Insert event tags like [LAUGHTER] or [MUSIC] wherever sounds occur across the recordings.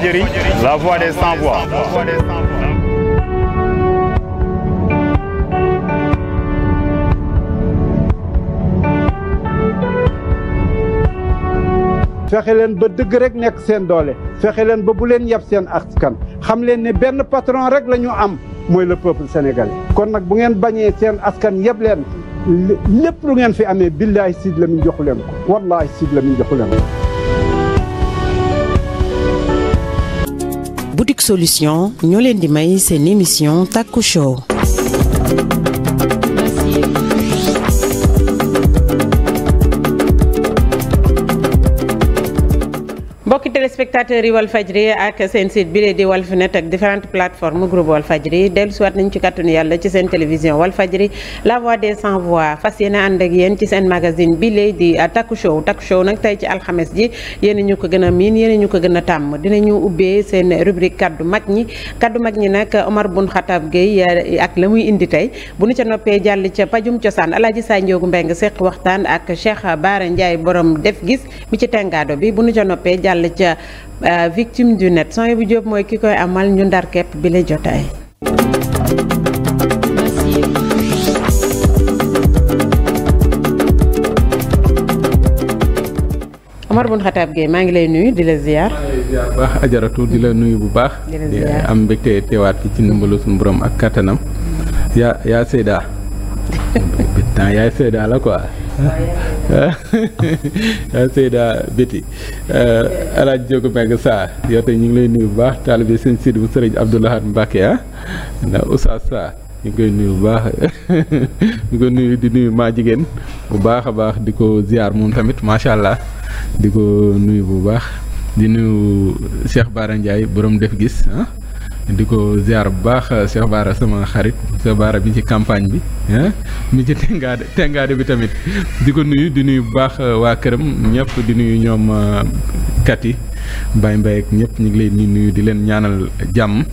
Walfadjri la voix des sans voix leen ba dëgg rek nekk seen doole fexe leen ba bu leen yab seen askan xam leen ne benn patron rek la am mooy le peuple sénégalais kon nag bu ngeen bañee seen askan yëpp leen lépp lu ngeen fi amee billaahi Sidy Lamine joxu leen ko wallaahi Sidy Lamine joxu leen solution ñoo leen di may seen émission Taku Show téléspectateurs yi Walfadjri ak seen site bi di Walfnet ak différentes plateformes groupe Walfadjri dellu siwaat nañ ci kàttanu yàlla ci seen télévision Walfadjri la voix des sans voix fas yéene ànd ak yéen ci seen magazine bi di Taku Show Taku Show nag tey ci alxames ji yéen ñu ko gën a miin yéen ñu ko gën a tàmm ñu ubbee seen rubrique kaddu mag ñi kaddu mag ñi nag Omar Bun Xataab Gueye eh, ak la muy indi tey bu nu ca noppee jàll ca pajum cosaan Alaaji Saa Njoogu Mbeng seq waxtaan ak Cheikh Baara Ndiaye borom def gis Euh, victime du net son bu Diop mooy ki koy amal ñu ndar bi la jotaay. Omar Bun Xataab Gueye maa ngi lay nuyu di la ziar. bu baax ajaratu di la nuyu bu baax. di am mbégte teewaat fi ci ndimbalu suñu ak kattanam. yaa yaa Seyda. [LAUGHS] yaay Seyda la quoi. [LAUGHS] Seyda Béti El Hadj Diogo Mbengue Sarr yow tey ñu ngi lay nuyu bu baax taalibe sëñ Sidi bu sëriñ Abdoulahat Mbacke ah ndax Oustaz Sarr ñu ngi koy nuyu bu baax [LAUGHS] ñu ko nuyu di nuyu maa jigéen bu baax a baax di ko ziar moom tamit macha allah di ko nuyu bu baax di nuyu Cheikh Bara Ndiaye borom def gis ah di ko ziar bu baax euh, Cheikh Bara sama xarit Cheikh Bara bi ci campagne bi mu mi ci tengaade tengaade bi tamit di ko nuyu di nuyu baax euh, waa këram ñëpp di nuyu ñoom euh, kat yi mbay mbay ak ñëpp ñu ngi leen di nuyu di leen ñaanal jàmm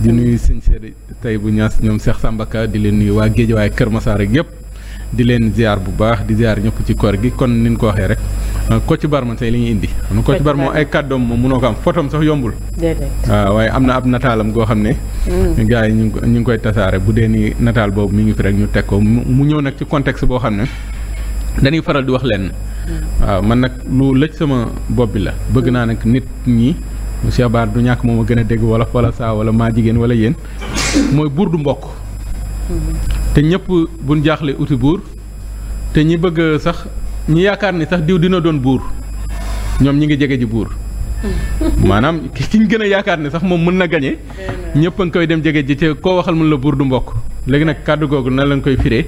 di nuyu seen seede tey bu ñaas ñoom seex Sambaka di leen nuyu waa waaye Kër Masaar ak yëpp di leen ziar bu baax di ziar ñëpp ci koor gi kon niñ ko waxee rek Euh, Kocc Barma tey li ñuy indi. Kocc Barma Kocc ay kàddoom moom mënoo ko am fotom sax yombul. waaw waaye am na ab nataalam goo xam ne. Hmm. gars yi ñu ngi koy ñu ngi koy tasaare bu dee ni nataal boobu mu ngi fi rek ñu teg ko mu ñëw nag ci contexte boo xam ne dañuy faral di wax leen. Hmm. waaw man nag lu lëj sama bopp bi la bëgg naa nag nit ñi. monsieur Baar du ñàkk moom a gën a dégg wolof wala saa wala maa jigéen wala yéen mooy buur du mbokk hmm. te ñëpp buñ jaaxle uti buur te ñi ñi yaakaar ni sax diw dina doon buur ñoom ñi ngi jege ji buur [LAUGHS] maanaam ki ñu gën a yaakaar ne sax moom mën na gañe ñëpp a ngi koy dem jege ji ci koo waxal mun la buur du mbokk léegi nag kàddu googu na lañ koy firee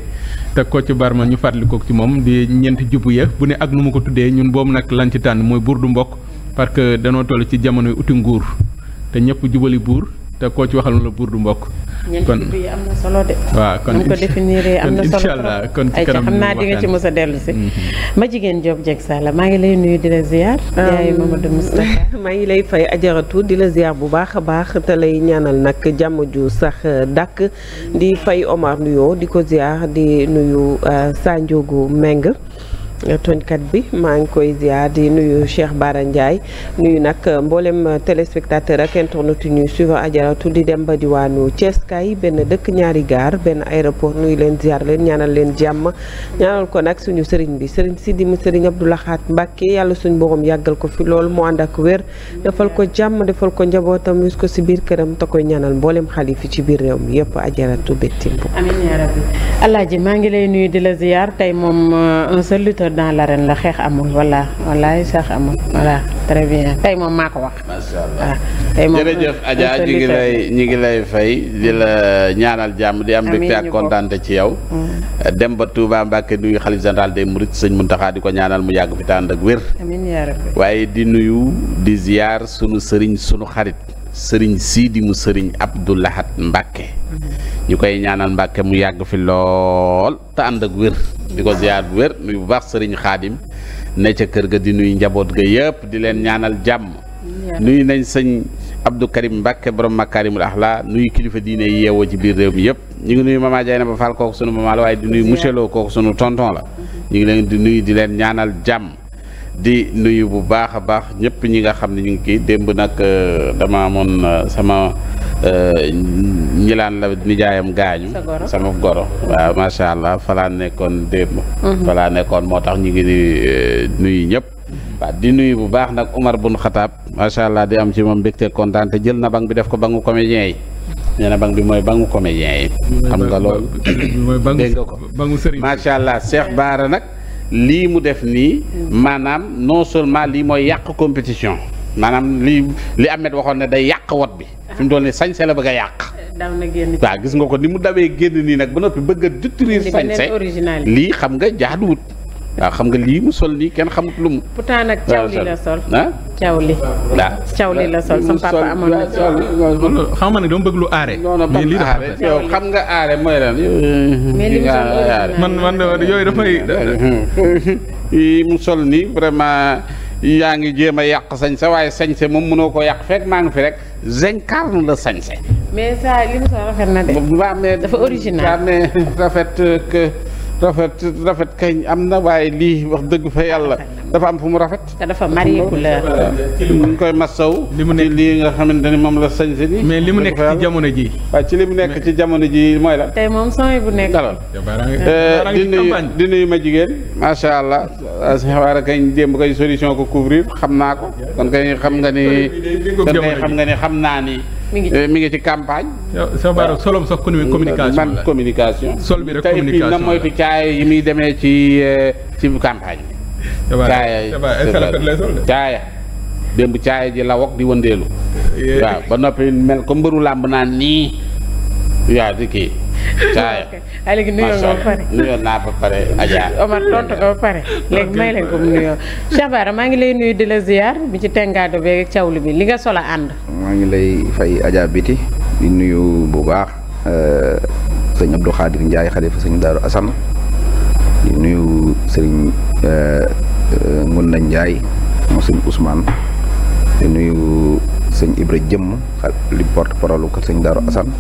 te ko ci barma ñu fàttali ko ci moom di ñeenti jubbu ya bu ne ak nu mu ko tuddee ñun boobu nag lañ ci tànn mooy buur du mbokk parce que danoo toll ci jamono uti nguur te ñëpp jubali buur te koo ci waxal la buur du mbokk. kon ñeent bi am na solo de. waaw kon ko définir am na solo kon ci kanam naa di nga ci mos a dellu si. Mm-hmm. ma jigéen Diop Dieg Sala maa ngi lay nuyu di la ziar. ma euh, Mamadou Moustapha [LAUGHS] maa ngi lay fay ajaratu di la ziar bu baax a baax te lay ñaanal nag jàmm ju sax euh, dàkk di fay Omar nuyoo di ko ziar di nuyu euh, Sa Ndiogou Meng. tooñkat bi maa ngi koy ziar di nuyu Cheikh Bara Ndiaye nuyu nag mboolem téléspectateur ak internaute ñuy suivre ajaratu di dem ba diwaanu Thiès kay benn dëkk ñaari gaar benn aéroport nuyu leen ziar leen ñaanal leen jàmm ñaanal ko nag suñu sëriñ bi sëriñ Sidi mu sëriñ la Lahad Mbacké yàlla suñu borom yàggal ko fi loolu mu ànd ak wér defal ko jàmm defal ko njabootam wis ko si biir këram te koy ñaanal mboolem xalifi ci biir réew mi yëpp ajaratu bettim bu alaaji dans l'arène la xeex amul voilà walaay xeex amul voilà tey moom maa ko wax. macha allah ñu ngi lay ñu ngi lay fay di la ñaanal jàmm di am mbégte ak kontaante ci yow. Mm. dem ba Touba Mbacke nuyu xalif général des Mourides sëñ Mountakha di ko ñaanal mu yàgg fi tànd ak wér. waaye di nuyu di ziar sunu sëriñ sunu xarit. sëriñ siidi mu sëriñ Abdou Lahad Mbacke ñu koy ñaanal Mbacke mu yàgg fi lool te ànd ak wér di ko ziar bu wér nuyu bu baax sëriñ xaadim ne ca kër ga di nuy njaboot ga yëpp di leen ñaanal jàmm nuyu nañ sëñ Abdou Karim Mbacke borom Makarimul Axla nuyu kilifa diine yi yeewoo ci biir réew mi yëpp ñu ngi nuyu mama Diayna ba Fall kooku sunu maman la waaye di nuyu monsieur Lo kooku sunu tonton la ñu ngi leen di nuyu di leen ñaanal jàmm. di nuyu bu baax a baax ñëpp ñi nga xam ne ñu ngi kii démb nag euh, dama amoon euh, sama euh, ñilaan la nijaayam gaañu sama goro waaw macha allah falaa nekkoon démb mhm. falaa nekkoon moo tax ñu ngi nuyu ñëpp waaw di nuyu bu baax nag Omar bun Xataab macha allah di am ci moom mbégte kontaan te jël na bang bi def ko bangu comédien yi ne na bi mooy bangu comédien yi xam nga loolu [COUGHS] dégg nga ko macha allah Cheikh Baara nag lii mu def nii maanaam non seulement lii mooy yàq compétition maanaam lii li Ahmed waxoon ne day yàq wat bi fi mu toll nii sañse la bëgg a yàq daw na génn waaw gis nga ko ni mu dawee génn nii nag ba noppi bëgg a détruire sañse lii xam nga jaaduwut waaw xam nga lii mu sol nii kenn xamut lu mu. pourtant nag caw li la sol. ah caw li. waaw caw la sol sama papa amoon xam nga nag dama bëgg lu aare. mais lii mu sol man man yooyu [LAUGHS] mu sol nii vraiment. yaa ngi jéem a yàq sañse waaye sañse moom mënoo ko yàq fekk maa ngi fi rek zincarne la sañse mais ça li mu sol rafet na de. waaw mais dafa original rafet rafet kañ am na waaye lii wax dëgg fa yàlla dafa am fu mu rafet. te dafa mari couleur. ci mu koy masaw. li mu nekk lii nga xamante ni moom la sañ sañ mais li mu nekk ci jamono ji waaw li mu ci jamono ji mooy la. tey moom sooy bu nekk. alors euh, di nuyu di nuyu ma jigéen macha allah si xabaar kañ démb kay solution ko couvrir xam naa ko kon kay xam nga ni. kon kay xam nga ni xam naa ni. mi ngi ci eh, mi ngi ci campagne. soo baaroo solom sax communication man communication. sol bi rek communication la tey moytu caay yi muy demee ci eh, ci campagne bi. caaya caaya démb caaya ji la wok di wëndeelu. Eh, waaw ba noppi mel ko mbëru làmb naan nii. yaa di caaya [LAUGHS] léegi nuyoo nga ba pare nuyoo naa ba pare Adja. [LAUGHS] Omar tontu nga ba pare léegi may leen ko mu nuyoo. Cheikh Bara maa ngi lay nuyu di la ziar bi ci tengaado beeg cawlu bi li nga solo ànd. maa ngi lay fay Adja Biti di nuyu bu baax euh, sëñ Abdou Khadir Ndiaye xalifa sëñ Daaru Assane di nuyu sëriñ euh, Ngunda Ndiaye mu sëñ Ousmane di nuyu sëñ Ibra Jëmm li porte parole ko Daaru Assane.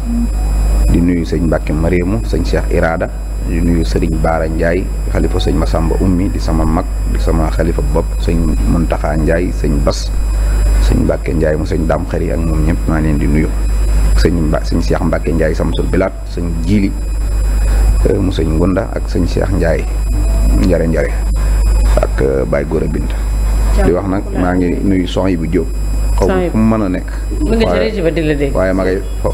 di nuyu sëñ Mbàkke Mariamu sëñ Cheikh Irada di nuyu sëriñ Baara Ndiaye xalifa sëñ Masamba Ummi di sama mag di sama xalifa bopp sëñ Muntaxa Ndiaye sëñ Bas sëñ mbakke Ndiaye mu sëñ Dam Xari ak ñëpp maa leen di nuyu sëñ Mba sëñ Cheikh Mbàkke Ndiaye Samsul Bilaat sëñ Jiili euh, mu sëñ Ngunda ak sëñ Cheikh Ndiaye njare njare ak euh, Baye Gora Bind di wax nag maa ngi nuyu son bu jóg xaw ma fu mu mën a nekk. mu ngi jërëjëf di la dégg. waaye ma ngay fa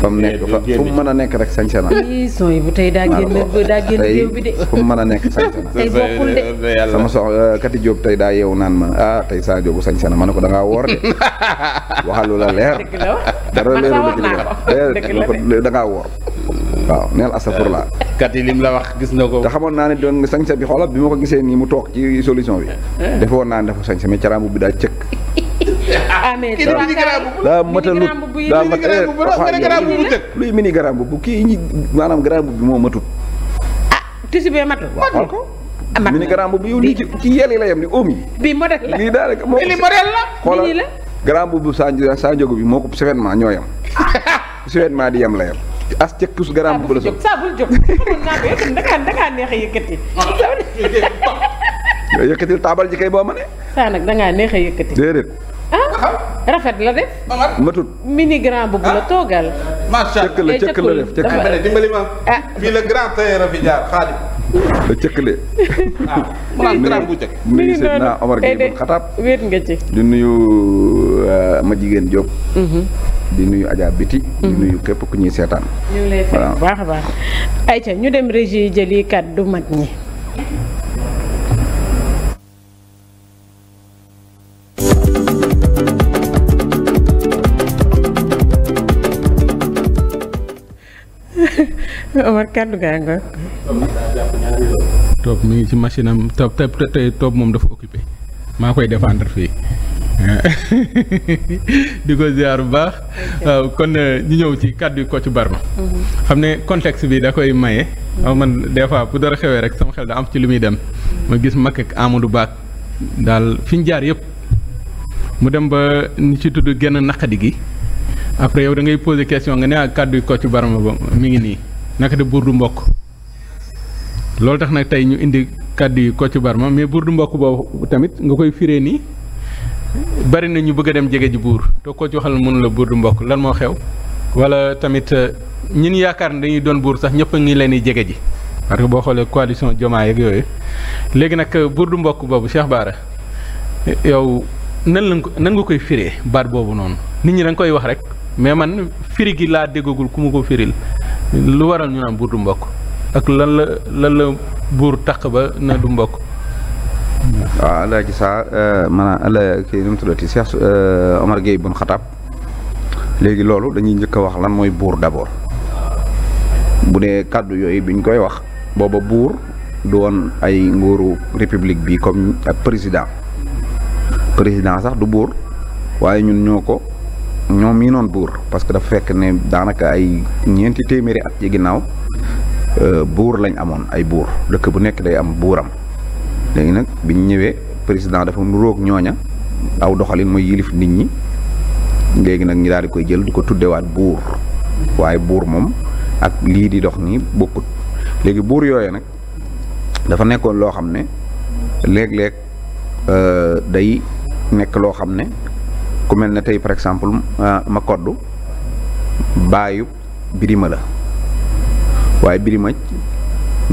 fa mu nekk fa fu mu mën a nekk rek sañse na. son yi bu tey daa génn daa génn réew bi de. fu mu mën a nekk sañse na. tey a de. Euh, daa yeewu naan ma ah tey ko da woor de [LAUGHS] waxalu la leer. la dara leeru la da eh, ngaa woor. waaw neel astafurla. kat yi lim la wax gis na ko. te xamoon naa ne doon sañse bi xoolal bi ma ko gisee nii mu toog ci solution bi. Eh. defoon naa ne dafa sañse mais caraam bi daa cëkk daa matalut daa mat luy mini garaam bu kii ñi maanaam garaam bu bi moo matut ah tissu bee matul ah, mini garaam bu yow lii ci ci yel yi la yem ni oom yi bi modèle la lii daanaka moo li modèle la xoolal la garaam bu sa saa njogu bi moo ko survêtement ñoo yem [LAUGHS] survêtement di yem la yem as cëkk tus garaam bu la so saa bul jóg dakaan dakaan neex a yëkkati [LAUGHS] yëkkatil taabal ji kay boo ma ne saa xam. rafet la def. matut mini grand bu la ah. toogal. macha allah cëkk la def cëkk la dimbali ma ah. fii la grand tailleur fi jaar xaadim. da cëkkale. ah [LAUGHS] grand bu cëkk. mi ngi naa Omar Gueye bu xataab. wéet nga ci. di nuyu euh, ma jigéen Diop. Mm-hmm. di nuyu Adja Biti. di mm-hmm. nuyu képp ku ñuy seetaan. ñu baax a baax. ñu dem régie jëli kàddu mag ñi. Omar kàddu gaa nga toog mu ngi ci machine am toog tey toog moom dafa occupé maa koy défendre fii [LAUGHS] di ko jaar bu baax waaw kon euh, ñu ñëw ci kàddu yi Kocc Barma mhm. xam ne contexte bi da koy maye mhm. waaw man des fois bu dara xewee rek sama xel da am ci lu muy dem ma gis mag ak Amadou baax daal fi ñu jaar yëpp mu dem ba ni ci tudd genn naqadi gi après yow da ngay poser question nga ne ak ah, kàddu yi Kocc Barma ba mi ngi nii naka de buur du mbokk loolu tax nag tey ñu indi kàddu yi Kocc Barma mais buur du mbokk boobu tamit nga koy firee nii bari na ñu bëgg a dem jege ji buur te Kocc waxal mënu la buur du mbokk lan moo xew wala tamit ñin yaakaar ne dañuy doon buur sax ñëpp a ngi leen di jege ji parce que boo xoolee coalition Diomaye ak yooyu léegi nag buur du mbokk boobu Cheikh Bara yow nan la nan nga koy firee baat boobu noonu nit ñi da koy wax rek mais man firi gi laa ku ma ko lu waral ñu naan buur du mbokk ak lan la lan la buur taq ba na du mbokk waaw alaaji saa euh, maanaam ala kii nu mu tuddati Cheikh euh, Omar Gueye bun Xataab léegi loolu dañuy njëkk a wax lan mooy buur d'abord bu dee kàddu yooyu biñ koy wax booba buur du woon ay nguuru république bi comme président président sax du buur waaye ñun ñoo ko ñoom mii noon buur parce que dafa fekk ne daanaka ay ñeenti téeméeri at ci ginnaaw euh, buur lañ amoon ay buur dëkk bu nekk day am buuram léegi nag bi ñëwee président dafa nuroog ñooña aw doxalin mooy yilif nit ñi léegi nag ñi daal di koy jël di ko tuddewaat buur waaye buur moom ak lii di dox nii bokkut léegi buur yooyu nag dafa nekkoon loo xam ne léeg-léeg euh, day nekk loo xam ne ku mel ne tey par exemple euh, ma koddu baayu birima la waaye birima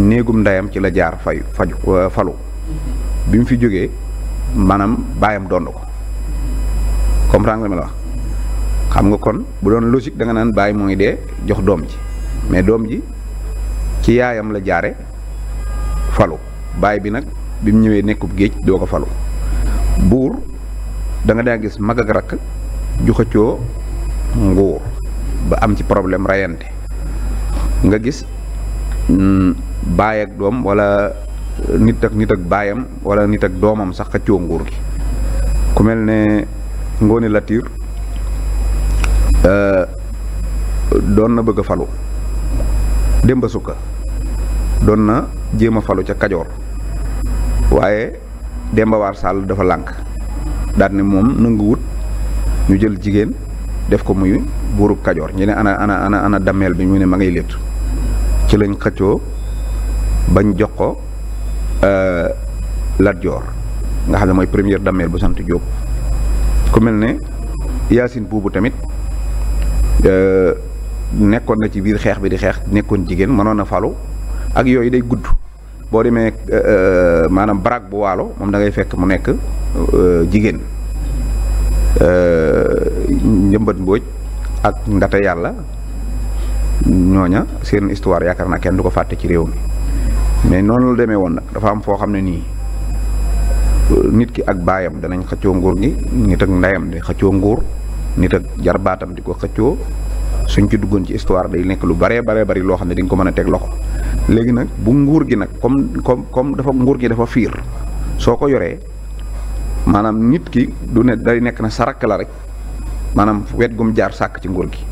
néegum ndeyam ci la jaar fay faju euh, falu bi mu fi jógee maanaam baayam dond ko comprendre nga la xam nga kon bu doon logique danga naan baay mooy de jox doom ji mais doom ji ci yaayam la jaare falu baay bi nag bi mu ñëwee nekkub géej doo ko falu buur da nga daa gis mag ak rakk ju xëccoo nguur ba am ci problème rayante nga gis mm, baay ak doom wala nit ak nit ak baayam wala nit ak doomam sax xëccoo nguur gi ku mel ne ngoon Ngoone Latiir euh, doon na bëgg a falu Demba Sukka doon na jéem a falu ca Kajoor waaye Demba War dafa lànk daan ne moom nanguwut ñu jël jigéen def ko muy buurub kajoor ñu ne ana ana ana ana dammeel bi ñu ne ma ngay léttu ci lañ xëccoo bañ jox ko euh, Lat Joor nga xam ne mooy première dammeel bu sant Jóob ku mel ne Yaasin buubu tamit euh, nekkoon na ci biir xeex bi di xeex nekkoon jigéen mënoon a falu ak yooyu day gudd boo demee euh, euh, maanaam barak bu waalo moom da ngay fekk mu nekk euh, jigéen njëmbat mbóoj ak ngata yàlla ñooña seen histoire yaakaar naa kenn du ko fàtte ci réew mi mais noonu la demee woon nag dafa am foo xam ne nii nit ki ak baayam danañ xëccoo nguur gi nit ak ndeyam di xëccoo nguur nit ak jarbaatam di ko xëccoo suñ ci duggoon ci histoire day nekk lu baree baree bari loo xam ne dañ ko mën a teg loxo léegi nag bu nguur gi nag comme comme comme dafa nguur gi dafa fiir soo ko yoree maanaam nit ki du ne day nekk na sarak la rek maanaam wet gum jaar sàkk ci nguur gi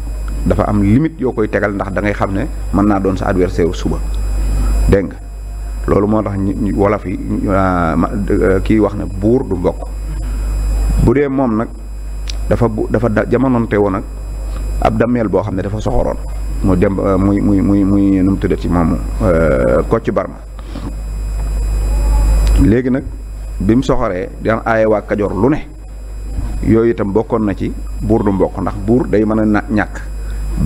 dafa am limite yoo koy tegal ndax dangay xam ne mën naa doon sa adversaire suba dégg nga loolu moo tax ñu wolof yi ah, euh, kii wax ne buur du mbokk bu dee moom nag dafa bu dafa jamonoonte woon ak ab dammeel boo xam ne dafa soxoroon mu dem euh, muy muy muy muy nu mu tuddati moomu euh, Kocc Barma léegi nag bi mu soxoree daan aaye waa Kajoor lu ne yooyu itam bokkoon na ci buur du mbokk ndax buur day mën a na ñàkk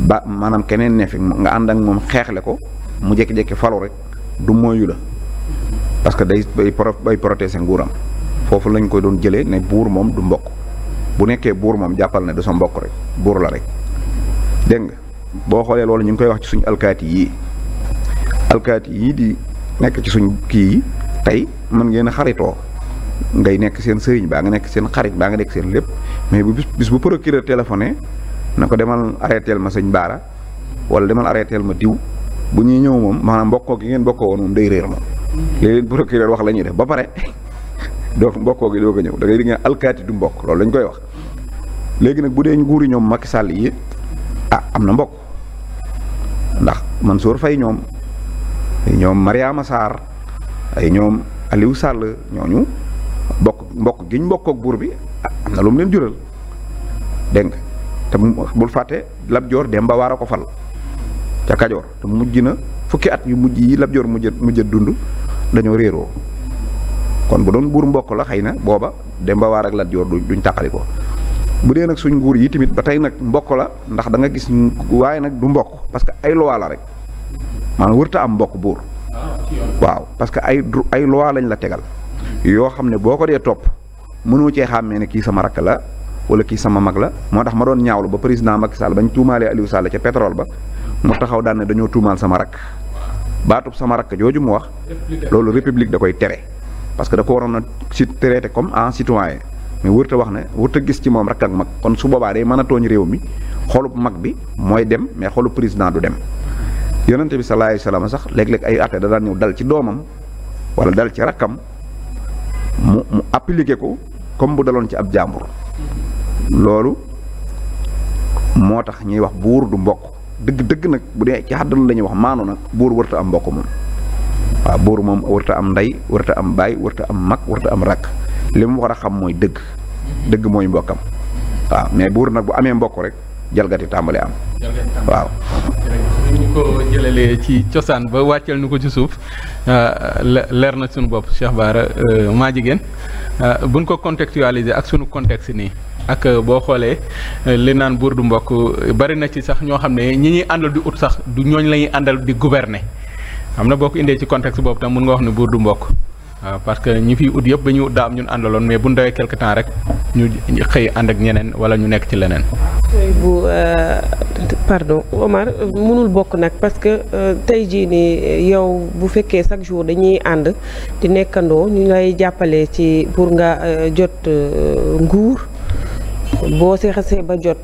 ba maanaam keneen ne fi nga ànd ak moom xeexle ko mu jékki-jékki falu rek du mooyu la parce que day bay bay protéger nguuram foofu lañ koy doon jëlee ne buur moom du mbokk bu nekkee buur moom jàppal ne du sa mbokk rek buur la rek boo xoolee loolu ñu ngi koy wax ci suñu alkaati yii alkaati yii di nekk ci suñ kii yi tey mën ngeen a xaritoo ngay nekk seen sëriñ baa ngi nekk seen xarit baa nga nekk seen lépp mais bu bis bu procureur téléphoné na ko demal arrêteel ma sëñ baara wala demal arrêteel ma diw bu ñuy ñëw moom maanaam mbokkoo gi ngeen bokkoo woon moom day réer moom léeg wax la ñuy def ba pare [LAUGHS] donc mbokkoo gi doo ko ñëw da ngay di alkaati du mbokk loolu lañ koy wax léegi nag bu dee nguuri ñoom Macky sàll yi ah am na mbokk ndax man Mansour fay ñoom ñoom Mariama Sarr ay ñoom Aliou Sall ñooñu bokk mbokk giñ ñu buur bi am na lu mu leen jural dégg nga te bul fàtte Lat Joor Demba War ko fal ca Kajoor te mu mujj na fukki at yu mujj yi Lat Joor mujj mujj dund dañoo réeroo kon bu doon buur mbokk la xëy na booba Demba War ak Lat Joor duñ tàqali bu dee nag suñ nguur yi tamit ba tey nag mbokk la ndax da nga gis waaye nag du mbokk parce que ay loi la rek maanaam wërta am mbokk buur waaw parce que ay ay loi lañ la tegal yoo xam ne boo ko dee topp mënoo cee xàmmee ne kii sama rakk la wala kii sama mag la moo tax ma doon ñaawlu ba président Macky Sall bañ tuumaalee Aliou Sall ca pétrole ba mu taxaw daan ne dañoo tuumaal sama rakk baatub sama rakk jooju mu wax loolu république da koy tere parce que da ko waroon a si traité comme en citoyen mi wërta wax ne wërta gis ci moom rakk ak mag kon su boobaa day mën a tooñ réew mi xolub mag bi mooy dem mais xolub président du dem yonente bi sallallahu alayhi wasallam sax léeg-léeg ay atte da daan ñëw dal ci doomam wala dal ci rakkam mu mu appliqué ko comme bu daloon ci ab jàmbur loolu moo tax ñuy wax buur du mbokk dëgg dëgg nag bu dee ci àdduna la ñuy wax maanu nag buur wërta am mbokk moom waaw buur moom wërta am ndey wërta am baay wërta am mag wërta am rakk li mu war a xam mooy dëgg dëgg mooy mbokkam waaw mais buur nag bu amee mbokk rek jalgati tàmbali am waaw ñu ko jëlalee ci cosaan ba wàcceel ñu ko ci suuf euh, leer na suñu bopp Cheikh Bara euh, maa jigéen euh, buñ ko contextualiser ak suñu contexte nii ak boo xoolee li naan buur du mbokk bari na ci sax ñoo xam ne ñi ñuy àndal di ut sax du ñooñ la àndal di gouverner xam na boo ko indee ci context boobu tam mun nga wax ne buur du mbokk waaw euh, parce que ñi fiy ut yëpp ba ñu daam ñun àndaloon mais bu ñu dawee quelque temps rek ñu xëy ànd ak ñeneen wala ñu nekk ci leneen. bu euh, pardon Omar mënul bokk nag parce que euh, tey jii nii yow bu fekkee chaque jour dañuy ànd di nekkandoo ñu lay jàppale ci pour nga jot nguur boo seexasee ba jot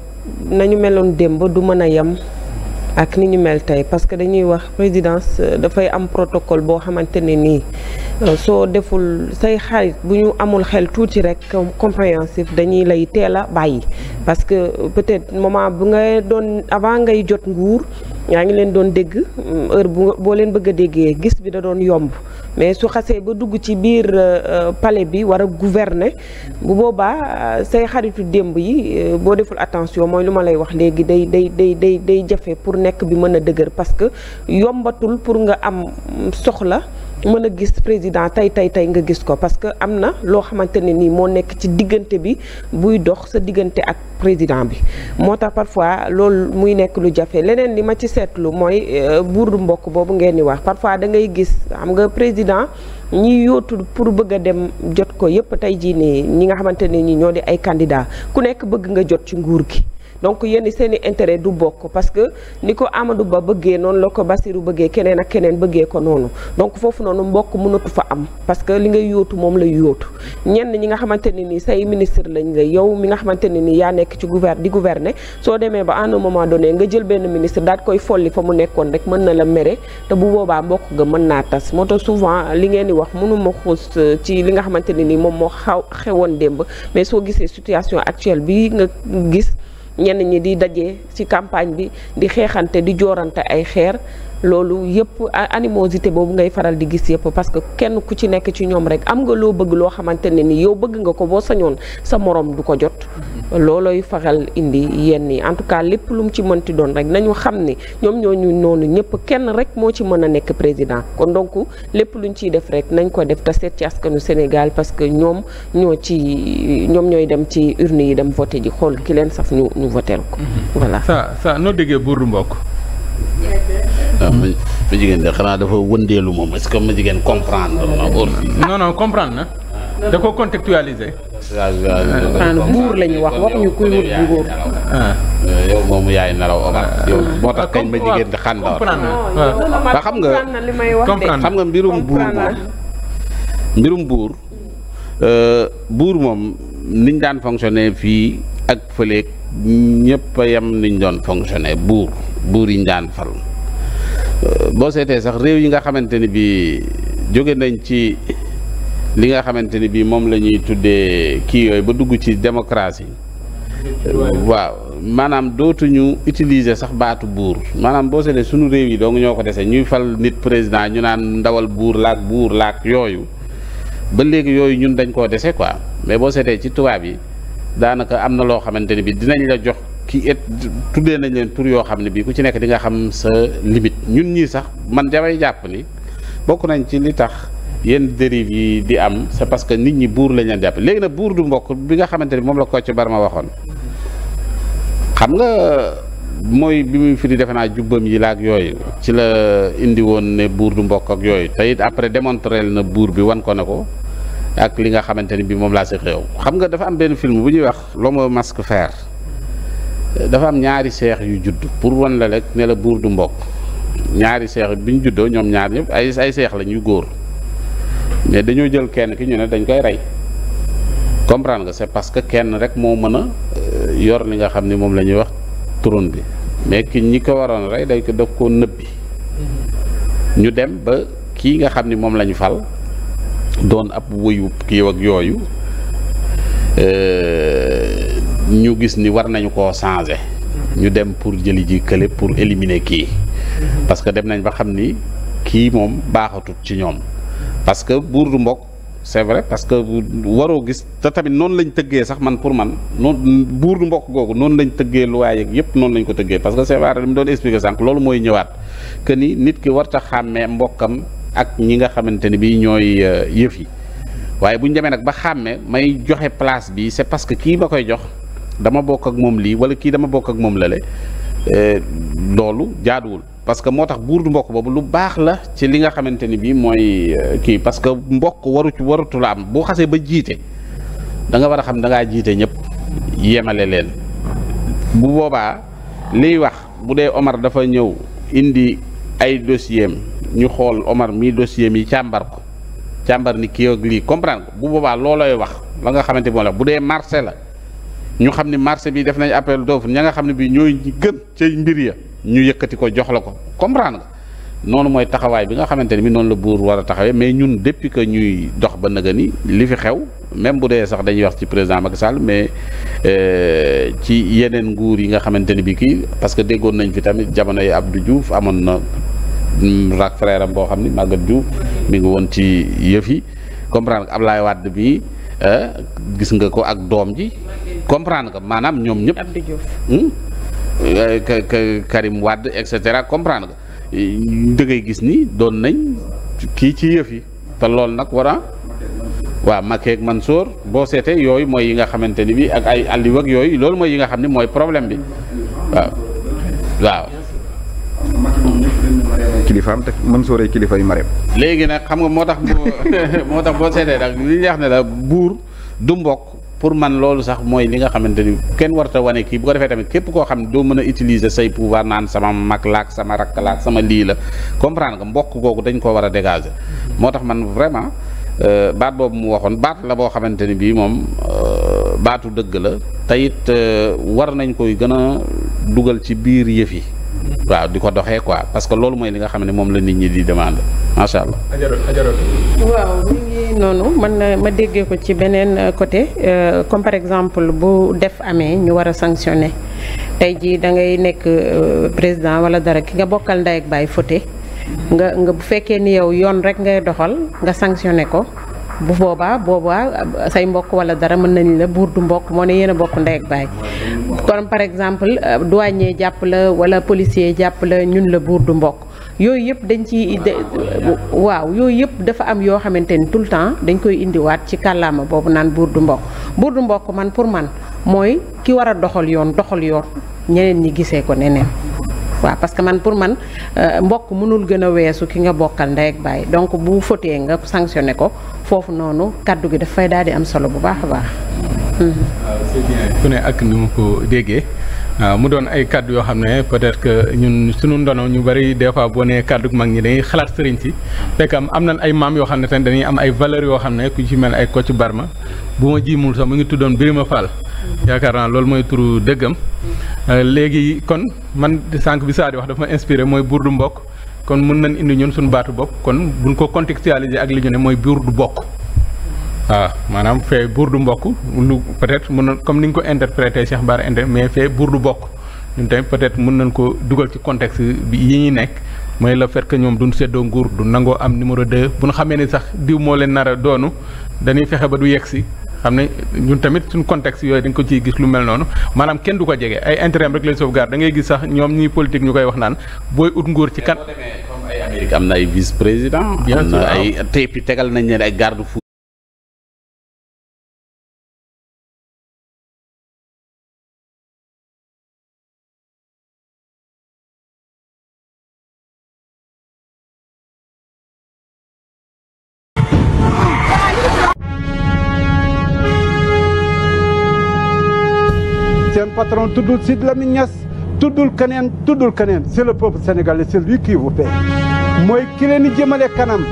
nañu meloon démb du mën a yem. ak ni ñu mel tey parce que dañuy wax présidence euh, dafay am protocole boo xamante ne nii euh, soo deful say xarit bu ñu amul xel tuuti rek compréhensif dañuy lay teel a bàyyi. parce que peut-être moment bu nga doon avant ngay jot nguur yaa ngi leen doon dégg euh, heure bu boo leen bëgg a déggee gis bi da doon yomb. mais su xasee ba dugg ci biir euh, euh, pale bi war a gouverner bu boobaa euh, say xaritu démb yi boo deful attention mooy lu ma lay wax léegi day day day day day jafe pour nekk bi mën a dëgër parce que yombatul pour nga am soxla mën a gis président tey tey tey nga gis ko parce que am na loo xamante ne nii moo nekk ci diggante bi buy dox sa diggante ak président bi moo tax parfois loolu muy nekk lu jafe leneen li ma ci seetlu mooy euh, buur mbokk boobu ngeen di wax parfois da ngay gis xam nga président ñi yootu pour bëgg a dem jot ko yépp tey jii nii ñi nga xamante ne nii ñoo di ay candidat ku nekk bëgg nga jot ci nguur gi donc yéen seen i du bokk parce que ni ko Amadou Ba bëggee noonu la ko Bassirou bëggee keneen ak keneen bëggee ko noonu donc foofu noonu mbokk mënatu fa am parce que li ngay yootu moom la yootu ñenn ñi nga xamante ne ni say ministre lañ la yow mi nga xamante ne ni yaa nekk ci gouver di gouverner soo demee ba à un moment donné nga jël benn ministre daal koy folli fa mu nekkoon rek mën na la mere te bu boobaa mbokk ga mën naa tas moo tax souvent li ngeen di wax mënu ma euh, ci li nga xamante ne ni moom moo xaw xewoon démb mais soo gisee situation actuelle bi nga gis ñenn ñi di daje ci campagne bi di xeexante di joorante ay xeer loolu yëpp animosité boobu ngay faral di gis yëpp parce que kenn ku ci nekk ci ñoom rek am nga loo bëgg loo xamante ne ni yow bëgg nga ko boo sañoon sa moroom du ko jot loolooy faral indi yenn yi en tout cas lépp lu mu ci mënti doon rek nañu xam ni ñoom ñooñu noonu ñëpp kenn rek moo ci mën a nekk président kon donc lépp luñ ciy def rek nañ ko def te ci askanu Sénégal parce que ñoom ñoo ci ñoom ñooy dem ci urne yi dem voté ji xool ki leen saf ñu ñu voté ko saa mm-hmm. saa noo déggee buur du mbokk. waaw ah, ma ma jigéen de xanaa dafa wëndeelu moom est-ce que ma jigéen comprendre na non non comprendre na. da ko contextualiser. maanaam ah, buur la ñu wax waxuñu kuy wut bu ah. yow moomu yaay nelaw Omar. yow moo tax kañ ma jigéen di xàndoor. Oh, ba xam nga xam nga mbirum buur moom mbirum buur euh, buur moom niñ daan fonctionner fii ak fëleeg ñëpp a niñ doon fonctionner buur buur yi ñu daan fal. boo seetee sax réew yi nga xamante ni bii jóge nañ ci li nga xamante ni bii moom la ñuy tuddee kii yooyu ba dugg ci démocratie waaw maanaam dootuñu utiliser sax baatu buur maanaam boo seetee suñu réew yi dong ñoo ko dese ñuy fal nit président ñu naan ndawal buur laak buur laak yooyu ba léegi yooyu ñun dañ koo dese quoi mais boo seetee ci tubaab yi daanaka am na loo xamante ni bi dinañ la jox kii it tuddee nañ leen tur yoo xam ne bii ku ci nekk dinga xam sa limite ñun ñii sax man damay jàpp ni bokk nañ ci li tax yenn dérive yi di am c'est parce que nit ñi buur lañ leen jàpp léegi nag buur du mbokk bi nga xamante ni moom la Kocc Barma waxoon xam nga mooy bi muy firi defe naa jubbam yi laak yooyu ci la indi woon ne buur du mbokk ak yooyu te it après démontré na buur bi wan ko ne ko ak li nga xamante ni bi moom laa si xew xam nga dafa am benn film bu ñuy wax l'homme masque vert dafa am ñaari seex yu judd pour wan la lekk ne la buur du mbokk ñaari seex bi ñu juddoo ñoom ñaar yëpp ay ay seex lañ yu góor mais dañoo jël kenn ki ñu ne dañ koy rey comprendre nga c'est parce que kenn rek moo mën a euh, yor li nga xam ni moom la ñuy wax trône bi mais ki ñi ko waroon rey dañ ko def koo nëbbi ñu dem ba kii nga xam ni moom la fal doon ab woyu kii yooyu. Euh, ñu gis ni war nañu ko changer ñu dem pour jëli ji kële pour éliminer kii parce que dem nañ ba xam ni kii moom baaxatut ci ñoom parce que buur du mbokk c'est vrai parce que waroo gis te tamit noonu lañ tëggee sax man pour man noonu buur du mbokk googu noonu lañ tëggee lu waaye yëpp noonu lañ ko tëggee parce que c'est vrai li mu doon expliquer sànq loolu mooy ñëwaat que ni nit ki warta xàmmee mbokkam ak ñi nga xamante ni bii ñooy euh, yëfi waaye bu ñu demee nag ba xàmmee may joxe place bi c'est parce que kii ma koy jox dama bokk ak moom lii wala kii dama bokk ak moom lale eh, loolu jaaduwul parce que moo tax buur du mbokk boobu lu baax la ci li nga xamante ni bii mooy eh, kii parce que mbokk waru ci warutu la am boo xasee ba jiite da nga war a xam dangaa ngaa jiite ñëpp yemale leen bu boobaa liy wax bu dee Omar dafa ñëw indi ay dossier ñu xool Omar mii dossier mi càmbar ko càmbar ni kii ak lii comprendre ko bu boobaa loolooy wax la nga xamante moo la bu dee marché la. ñu xam ni marché bi def nañ appel d'offre ña nga xam ne bi ñooy gën ca mbir ya ñu yëkkati ko jox la ko comprendre nga noonu mooy taxawaay bi nga xamante ni bi noonu la buur war a taxawee mais ñun depuis que ñuy dox ba naga ni li fi xew même bu dee sax dañuy wax ci président Macky Sall mais euh, ci yeneen nguur yi nga xamante ni bi kii parce que déggoon nañ fi tamit jamono yi ab Abdou Diouf amoon na mm, rak frère boo xam ni Maguette Diouf mi ngi woon ci yëf yi comprendre Ablaye bi euh, gis nga ko ak doom ji comprendre nga maanaam ñoom ñëpp. Abdou Diouf. Hmm? Eh, Karim Wade et cetera comprendre nga dangay gis nii doon nañ kii ci yëf yi te loolu nag war a waaw Macky ak boo seetee yooyu mooy yi nga xamante ni bi ak ay Aliou yooyu loolu mooy yi nga xam ne mooy problème bi waaw waaw. kilifaam te Mansour ay kilifa yu mareem léegi nag xam nga moo tax [LAUGHS] moo tax boo seetee nag li ñu wax ne la buur du mbokk pour man loolu sax mooy li nga xamante ni kenn warta wane kii bu ko defee tamit képp koo xam ne doo mën a utiliser say pouvoir naan sama mag laak sama rakk laak sama lii la comprendre nga mbokk googu dañ koo war a dégager. moo tax man vraiment euh, baat boobu mu waxoon baat la boo xamante ni bii moom euh, baatu dëgg la te it euh, war nañ koy gën a dugal ci biir yëf yi. waaw di ko doxee ko parce que loolu mooy li nga xam ne moom la nit ñi di demande macha allah. noonu mën na euh, ma déggee ko ci beneen euh, côté euh, comme par exemple bu def amee ñu war a sanctionner tey jii da ngay nekk président wala dara ki nga bokkal ndey ak baay fóote nga nga bu fekkee ni yow yoon rek ngay doxal nga sanctionné ko bu boobaa boobaa say mbokk wala dara mën nañ la buur du mbokk moo ne yéen a bokk ndey ak baay par exemple douanier jàpp la wala policier jàpp la ñun la buur du mbokk yooyu yëpp dañ ci waaw yooyu yëpp dafa am yoo xamante ni tout le temps dañ koy indiwaat ci kàllaama boobu naan buur du mbokk buur du mbokk man pour man mooy ki war a doxal yoon doxal yoon ñeneen ñi gisee ko neneen waaw parce que man pour man euh, mbokk mënul gën a weesu ki nga bokkal ndey ak bàyyi donc bu fotee nga sanctionné ko foofu noonu kàddu gi dafay daal di am solo bu baax a baax. Hmm. Euh, c'est ne ak ni ko déggee. waaw ah, mu doon ay kàddu yoo xam ne peut-être que ñun suñu ndono ñu bari des fois boo nee kàddu mag ñi dañuy xalaat sëriñ si fekk am am nañ ay maam yoo xam ne tamit dañuy am ay valeurs yoo xam ne ku ci mel ay Kocc Barma bu ma jiimul sax mu ngi tuddoon Birima Fall yaakaar naa loolu mooy turu dëggam ah, léegi kon man sànq bi saa wax dafa ma mooy buur du mbokk kon mun nañ indi ñun suñu baatu bopp kon buñ ko contextualiser ak li ñu ne mooy buur du bokk waaw ah, maanaam fee burdu mbokk lu peut-être mën na comme ni nga ko interprété Cheikh Bara inter mais fee burdu bokk ñun tamit peut-être mën nañ ko dugal ci contexte yi ñuy nekk mooy le fait que ñoom duñ seddoo nguur du nangoo am numéro de bu ñu xamee ni sax diw moo leen nar a doonu dañuy fexe ba du yegg si xam ne ñun tamit suñ contexte yooyu dañ ko ciy gis lu mel noonu maanaam kenn du ko jege ay intérêt rek lay sauvegarde da ngay gis sax ñoom ñuy politique ñu koy wax naan booy ut nguur ci kan. am na ay vice président. am na ay tegal nañ leen ay garde tuddul Sid Lamine Niass tuddul keneen tuddul keneen c'est le peuple sénégalais c'est lui qui vous paie mooy ki leen di jëmale kanam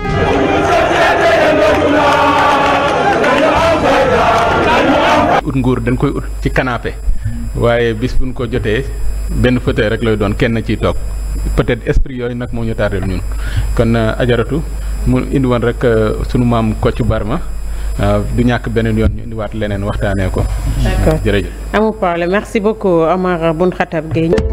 ut nguur dañ koy ut ci kanaape waaye bis buñ ko jotee benn fauteuil rek lay doon kenn ciy toog peut-être esprit yooyu nag moo ñu tardeel ñun kon euh, ajaratu mu indi woon rek euh, sunu maam Kocc Barma Euh, du ñàkk beneen yoon ñu indiwaat leneen waxtaanee ko. d'accord jërëjëf. amul problème merci beaucoup Omar Bun Khatab Gueye.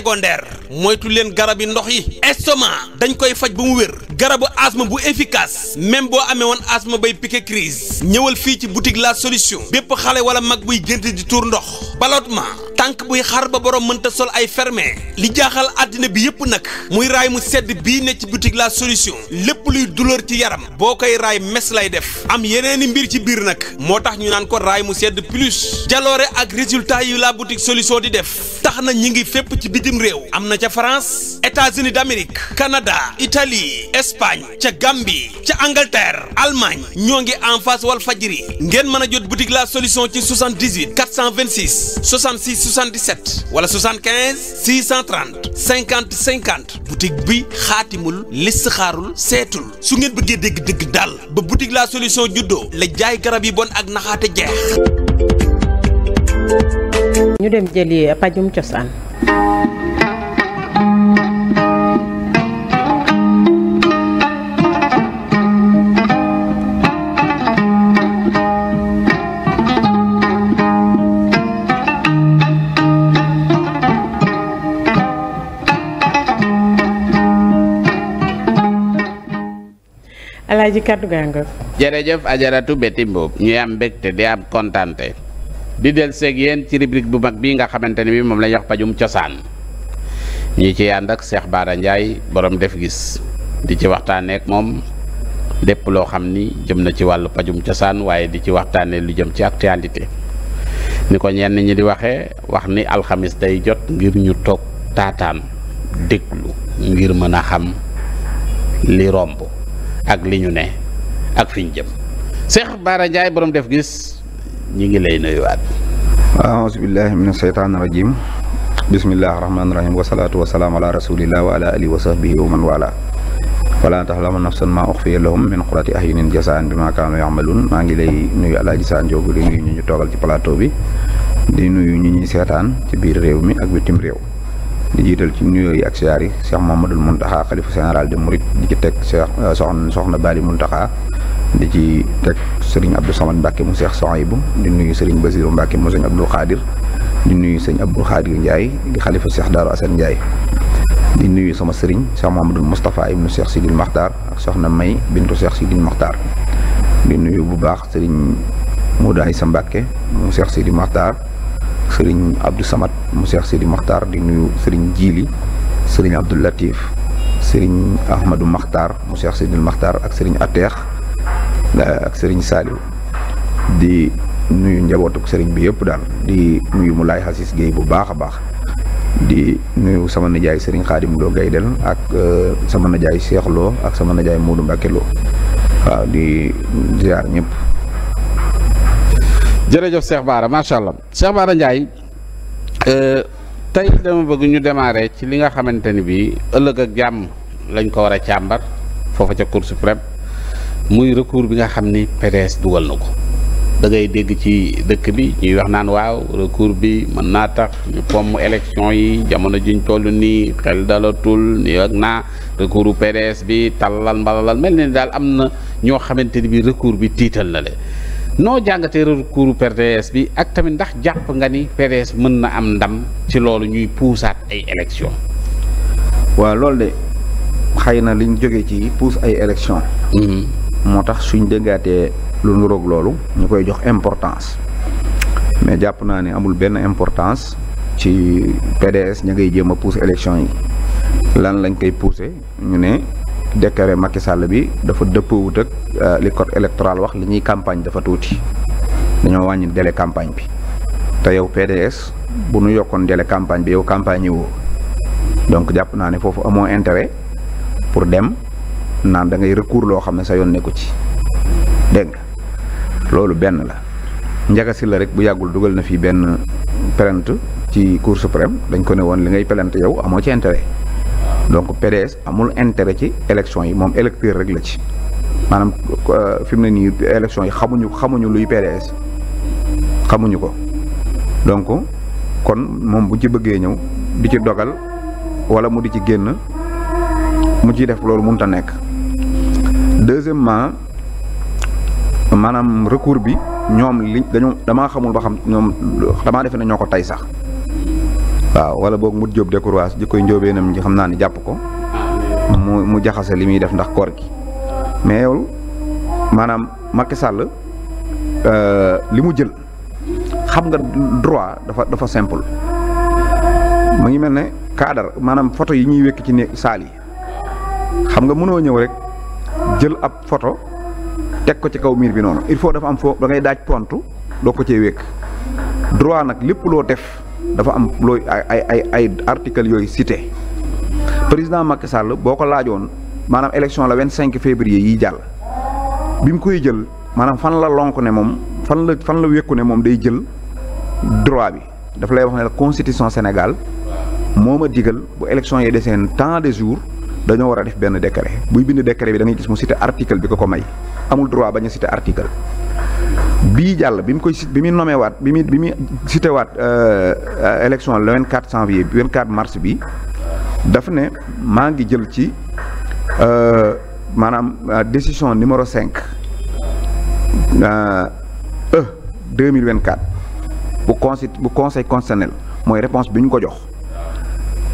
secondaire moytu leen garab yi ndox yi estomac dañ koy faj ba mu wér garabu asthme bu efficace même boo amee woon asma bay piqué crise ñëwal fii ci boutique la solution bépp xale wala mag buy gént di tuur ndox ballottement tànk buy xar ba borom mënta sol ay fermé li jaaxal àddina bi yépp nag muy raay mu sedd bii ne ci boutique la solution lépp luy douleur ci yaram boo koy raay mes lay def am yeneeni mbir ci biir nag moo tax ñu naan ko raay mu sedd plus jaloore ak résultat yi la boutique solution di def réew am na ca France États-Unis d'Amérique Canada itali Espagne ca Gambie ca Angleterre Allemagne ñoo ngi en face wal fajiri ngeen mën a jot boutique la solution ci 78 426 66 77 wala 75 630 50 50 boutique bi xaatimul listixaarul seetul su ngeen bëggee dégg dëgg daal ba boutique la solution juddoo la jaay garab yi bon ak naxaate jeex ñu dem Alaaji kàddu jërëjëf ajaratu Betty Mbow ñuy am mbégte di am kontaante di del seeg yéen ci rubrique bu mag bii nga xamante ne bi moom la ñuy wax pajum cosaan ñi ci ànd ak Cheikh Bara Ndiaye borom def gis di ci waxtaaneek moom lépp loo xam ni jëm na ci wàllu pajum cosaan waaye di ci waxtaanee lu jëm ci actualité ni ko ñeen ñi di waxee wax ni alxamis day jot ngir ñu toog taataan déglu ngir mën a xam li romb ak li ñu ne ak fiñ jëm Cheikh Bara Ndiaye def gis. ñi ngi lay nuyuwaat. aousubillahi min asheytaan rajim bismillahi rahmaani rahim wasalaatu wasalaam ala rasulillah wa ala alihi wa sahbihi wa man wala wala taxlamu nafsan maa uxfiya lahum min qurati ahyunin jasaan bi maa kaanu yaxmalun maa ngi lay nuyu alaaji saan Ndiogou di nuyu ñu ñu toogal ci plateau bi di nuyu ñu ñuy seetaan ci biir réew mi ak bitim réew di jiital ci nuyoo yi ak siyaar yi Cheikh Mamadul Muntaxa xalifa général de Mouride di ci teg Cheikh soxna soxna Bali Muntaxa di ci teg sëriñ Abdou Samad Mbacke mu Seex Sohaybu di nuyu sëriñ Basiru Mbacke mu sëñ Abdou Khadir di nuyu sëñ Abdou Khadir Ndiaye di xalifa Seex Daaru Asan Ndiaye di nuyu sama sëriñ Seex Muhammadul Moustapha ibnu Seex Sidil Maxtaar ak soxna May bintu Seex Sidil Maxtaar di nuyu bu baax sëriñ Mouda Issa Mbacke mu Seex Sidil Maxtaar sëriñ Abdou Samad mu Seex Sidil Maxtaar di nuyu sëriñ Jiili sëriñ Abdou Latif sëriñ Ahmadou Maxtaar mu Seex Sidil Maxtaar ak sëriñ Ateex ak sëriñ Saliou di nuyu njabootuk sëriñ bi yëpp daal di nuyu mu laay xasis géey bu baax a baax di nuyu sama najaay sëriñ Xaadim Lo Gaydel ak euh, sama nijaay Cheikh ak sama najaay Modou Mbacke Lo waaw di ziar ñëpp. jërëjëf Cheikh Bara macha allah Cheikh Bara euh, tey dama bëgg ñu démarrer ci li nga xamante ni bii ëllëg ak jàmm lañ ko war a càmbar foofu ca Cour suprême. muy recours bi nga xam ni PDS dugal na ko da ngay dégg ci dëkk bi ñuy wax naan waaw recours bi mën naa tax ñu pomm élection yi jamono juñ toll nii xel dalatul nii ak naa recours PDS bi tallal mbalalal mel ni daal am na ñoo xamante ni bi recours bi tiital na le noo jàngatee recours PDS bi ak tamit ndax jàpp nga ni PDS mën na am ndam ci loolu ñuy puusaat ay élection waaw loolu de xëy na liñ jóge ci puus ay élection mm-hmm. moo tax suñ déggaatee lu nu loolu ñu koy jox importance mais jàpp naa ne amul benn importance ci PDS ña ngay jéem a pousse élection yi lan lañ koy poussé ñu ne décret Macky Sall bi dafa dëppawut ak euh, li code électoral wax li ñuy campagne dafa tuuti dañoo wàññi délai campagne bi te yow PDS bu nu yokkoon délai campagne bi yow campagne woo donc jàpp naa ne foofu amoo intérêt pour dem naan da ngay recours loo xam ne sa yoon nekku ci dégg nga loolu benn la njagasi la rek bu yàggul dugal na fii benn plainte ci cour suprême dañ ko ne woon li ngay plainte yow amoo ci intérêt donc PDS amul intérêt ci élection yi moom électeur rek la ci maanaam euh, fi mu ne nii élection yi xamuñu xamuñu luy PDS xamuñu ko donc kon moom bu ci bëggee ñëw di ci dogal wala mu di ci génn mu ciy def loolu mënut a nekk. deuxièmement maanaam recours bi ñoom li dañoo damaa xamul ba xam ñoom damaa defe nañoo ko tay sax waaw wala boog mu jóob décourage ji koy njóobeenam ji xam naa ni jàpp ko mu mu jaxase li muy def ndax koor mais maanaam Macky Sall euh, li mu jël xam nga droit dafa dafa simple mu ngi mel ne cadre maanaam photo yi ñuy wékk ci ne saal yi xam nga mënoo ñëw rek jël ab photo teg ko ci kaw miir bi noonu il faut dafa am foo da daaj pontu doo ko cee wékk droit nag lépp loo def dafa am looy ay ay ay article yooyu cité président Macky Sall boo ko laajoon maanaam élection la 25 février yi jàll bi mu koy jël maanaam fan la lonk ne moom fan la fan la wékku ne moom day jël droit bi dafa lay wax ne la constitution Sénégal moom ma digal bu élection yi deseen tant de jours dañoo war a def benn décret buy bind décret bi da gis mu cité article bi ko ko may amul droit bañ a cité article bii jàll bi mu koy bi muy nommé waat bi muy bi muy cité waat euh, élection le 24 janvier 24 mars bi dafa ne maa ngi jël ci euh, maanaam euh, décision numéro 5 e 2024 bu conseil bu conseil constitutionnel mooy réponse bi ñu ko jox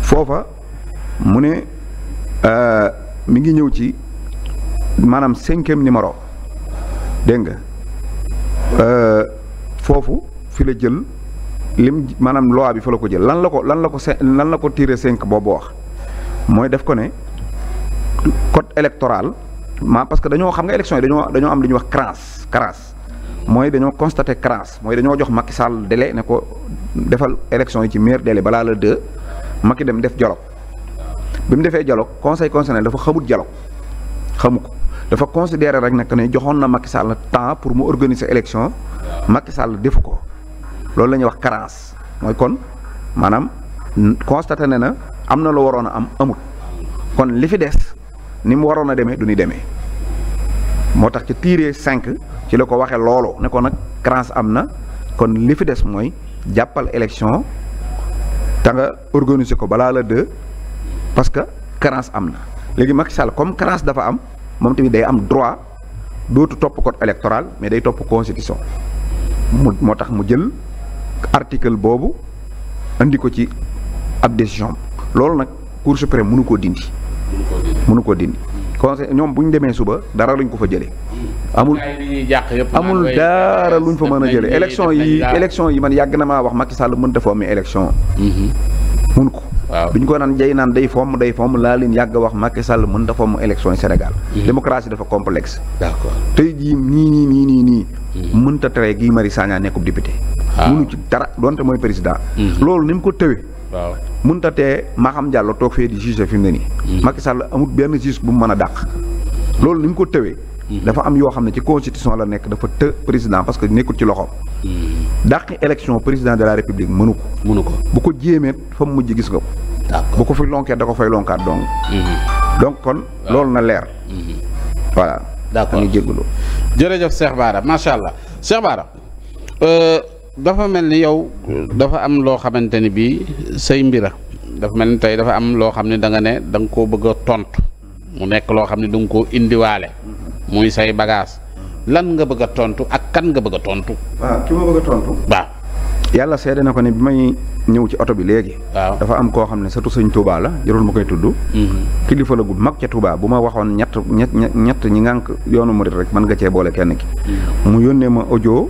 foofa mu ne. Euh, mi ngi ñëw ci maanaam cinquième numéro dégg nga euh, foofu fi la jël lim maanaam loi bi fa la ko jël lan la ko lan la ko lan la ko tiré cinq boobu wax mooy def ko ne code électoral ma parce que dañoo xam nga élection yi dañoo dañoo am lu ñuy wax carence carence mooy dañoo constaté carence mooy dañoo jox Macky Sall délai ne ko defal élection yi ci meilleur délai balaa la deux Macky dem def dialogue bi mu defee dialogue conseil constitutionnel dafa xamut jaloo xamu ko dafa considérer rek nag ne joxoon na Macky Sall temps pour mu organiser élection Macky Sall defu ko loolu lañu wax carence mooy kon maanaam constaté ne na am na lu waroon a am amut kon li fi des ni mu waroon a demee du ni demee moo tax ci tiire cinq ci la ko waxee loolu ne ko nag carence am na kon li fi des mooy jàppal élection te nga ko balaa la deux parce que carence am na léegi Macky Sall comme carence dafa am moom tamit day am droit dootu topp code électoral mais day topp constitution mu moo tax mu jël article boobu andi ko ci ab décision loolu nag cour suprême munu koo dindi. munu koo dindi. conseil ñoom bu ñu demee suba dara luñ ko fa jëlee. amul amul lu luñ fa mën a jëlee élection yi élection yi man yàgg na maa wax Macky Sall mënta foo amee élection. mun mhm. ko. waaw bi ñu ko naan jay naan day fomm day fomm laa leen yàgg a wax Macky Sall mën ta fomm élection yi Sénégal mm-hmm. démocratie dafa complexe d'accord tey jii nii nii nii nii nii mm-hmm. mën ta mari Guy Marius Sagna nekkub député ah. mënu ci dara donte mooy président mm-hmm. loolu ni mu ko tëwe waaw mën ta tee Maham Diallo toog fee di juge fi mu ne nii Macky sàll amul benn juge bu mu mën a dàq loolu ni mu ko tëwee dafa am yoo xam ne ci constitution la nekk dafa të président parce que nekkul ci loxoom dàq election président de la république mënu ko. mënu ko bu ko jéemee fa mu mujj gis nga ko. bu ko fi lonkee da ko fay lonkaat dong. Mhm. donc kon loolu na leer. Mhm. voilà. d' accord ñu jégalu. jërëjëf Cheikh baara macha allah Cheikh Bara euh, dafa mel ni yow dafa am loo xamante ni bii say mbira dafa mel ni tey dafa am loo xam ne da nga ne danga koo bëgg a tontu mu nekk loo xam ne da nga koo indiwaale mhm. muy say bagage lan nga bëgg a tontu ak kan nga bëgg a tontu. waaw ki ma bëgg a tontu. waaw. yàlla seede na ko ne bi may ñëw ci oto bi léegi. waaw dafa am koo xam ne sëtu sëñ Touba la jarul ma koy tudd. Mhm. kilifa la gu mag ca Touba bu ma waxoon ñett ñett ñett ñi ngànk yoonu murit rek mën nga cee boole kenn ki. Mhm. mu yónnee ma audio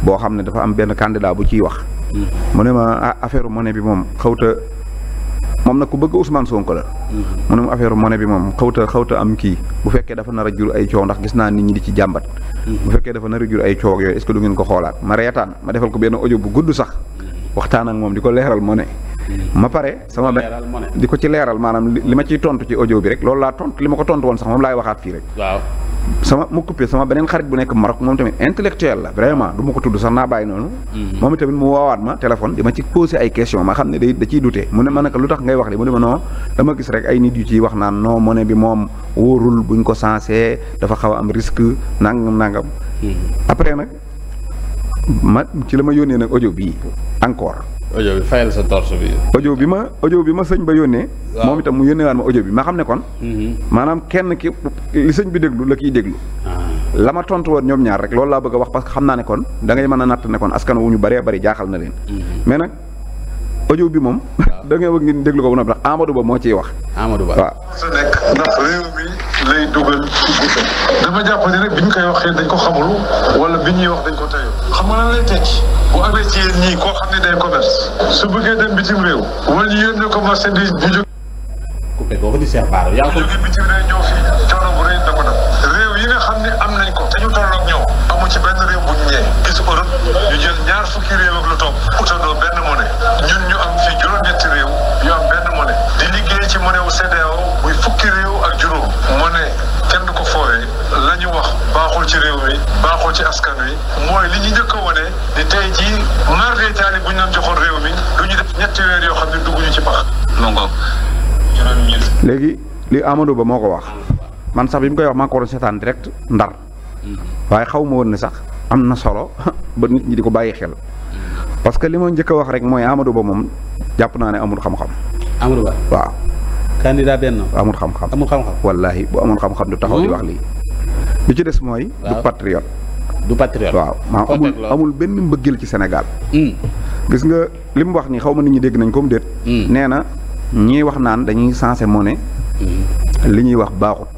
boo xam ne dafa am benn candidat bu ciy wax. Mhm. mu ne ma ah, affaire monnaie bi moom xawta moom nag ku bëgg Ousmane Sonko la. Mm-hmm. mu ne mu affaire monnaie bi moom xawta xawta am kii bu fekkee dafa nar a jur ay coow ndax gis naa nit ñi di ci jàmbat. Mm-hmm. bu fekkee dafa nar a jur ay coow yooyu est du ngeen ko xoolaat ma reetaan ma defal ko benn audio bu gudd sax waxtaan ak moom di ko leeral monnaie. Mm-hmm. ma pare sama benn di ko ci leeral maanaam li ma ciy tontu ci audio bi rek loolu laa tont li ma ko tontu woon sax moom laay waxaat fii rek. waaw sama mu coupé sama beneen xarit bu nekk Maroc moom tamit intellectuel la vraiment du ma ko tudd sax naa bàyyi noonu. Mhm. moom tamit mu woowaat ma téléphone di ma ci posé ay question ma xam ne day da ciy dute mu ne ma naka lu tax ngay wax li mu ne ma dama gis rek ay nit yu ci wax naan non monnaie bi moom wóorul buñ ko sensé dafa xaw a am risque nangam nangam. Mhm. après nag ma ci la ma yónnee nag audio bii encore. audio bi fayal bi. audio bi ma audio bi ma sëñ ba yónnee. moom itam mu yónneewaat ma ojo bi ma xam ne kon. Mhm. maanaam kenn ki sëñ bi déglu la kiy déglu. Ah. la ma tontu woon ñoom ñaar rek loolu laa bëgg a wax parce que xam naa ne kon dangay mën a natt ne kon askan wu ñu bëree bëri jaaxal na leen. Mhm. mais nag audio bi moom. da ngeen bëgg ngeen déglu ko ba noppi ndax Amadou Ba moo ciy wax. Amadou Ba waaw. su nekk ndax réew mi lay dugal dama jàpp ne rek bi ñu koy waxee dañ ko xamul wala bi ñuy wax dañ ko tayoo. xam nga lan lay tekki. bu amee ci yéen ñii koo xam ne day commerce. su bëggee dem bitim réew. wala ñu yónnee ko marchandise bu di Cheikh ko. bu jógee bitim réew ci benn réew bu ñu ñëwee gisu Europe ñu jël ñaar fukki réew ak lu topp utandoo benn ne ñun ñu am fii juróom-ñetti réew yu am benn monnaie di liggéey ci monnaie wu CEDEAO muy fukki réew ak juróom monnaie kenn du ko foowee la ñu wax baaxool ci réew mi baaxul ci askan wi mooy li ñu njëkk a wane ni tey jii marde taali bu ñu doon joxoon réew mi du ñu def ñetti weer yoo xam ne dugguñu ci pax léegi li Amadou Ba moo ko wax man sax bi mu koy wax maa ko waroon seetaan direct waaye xaw ma woon na sax am na solo ba nit ñi di ko bàyyi xel parce que li ma njëkk a wax rek mooy Amadou Ba moom jàpp naa ne amul xam-xam. Amadou waaw. candidat benn. amul xam-xam amul xam bu amul xam-xam du taxaw di hmm? wax lii. lu ci des mooy. du patriote. du patriote waaw maanaam amul amul benn mbëggeel ci senegal hmm. gis nga li mu wax nii xaw ma nit ñi dégg nañ ko mu déet. Hmm. nee na ñii wax naan dañuy sensé monnaie. li ñuy wax baaxut.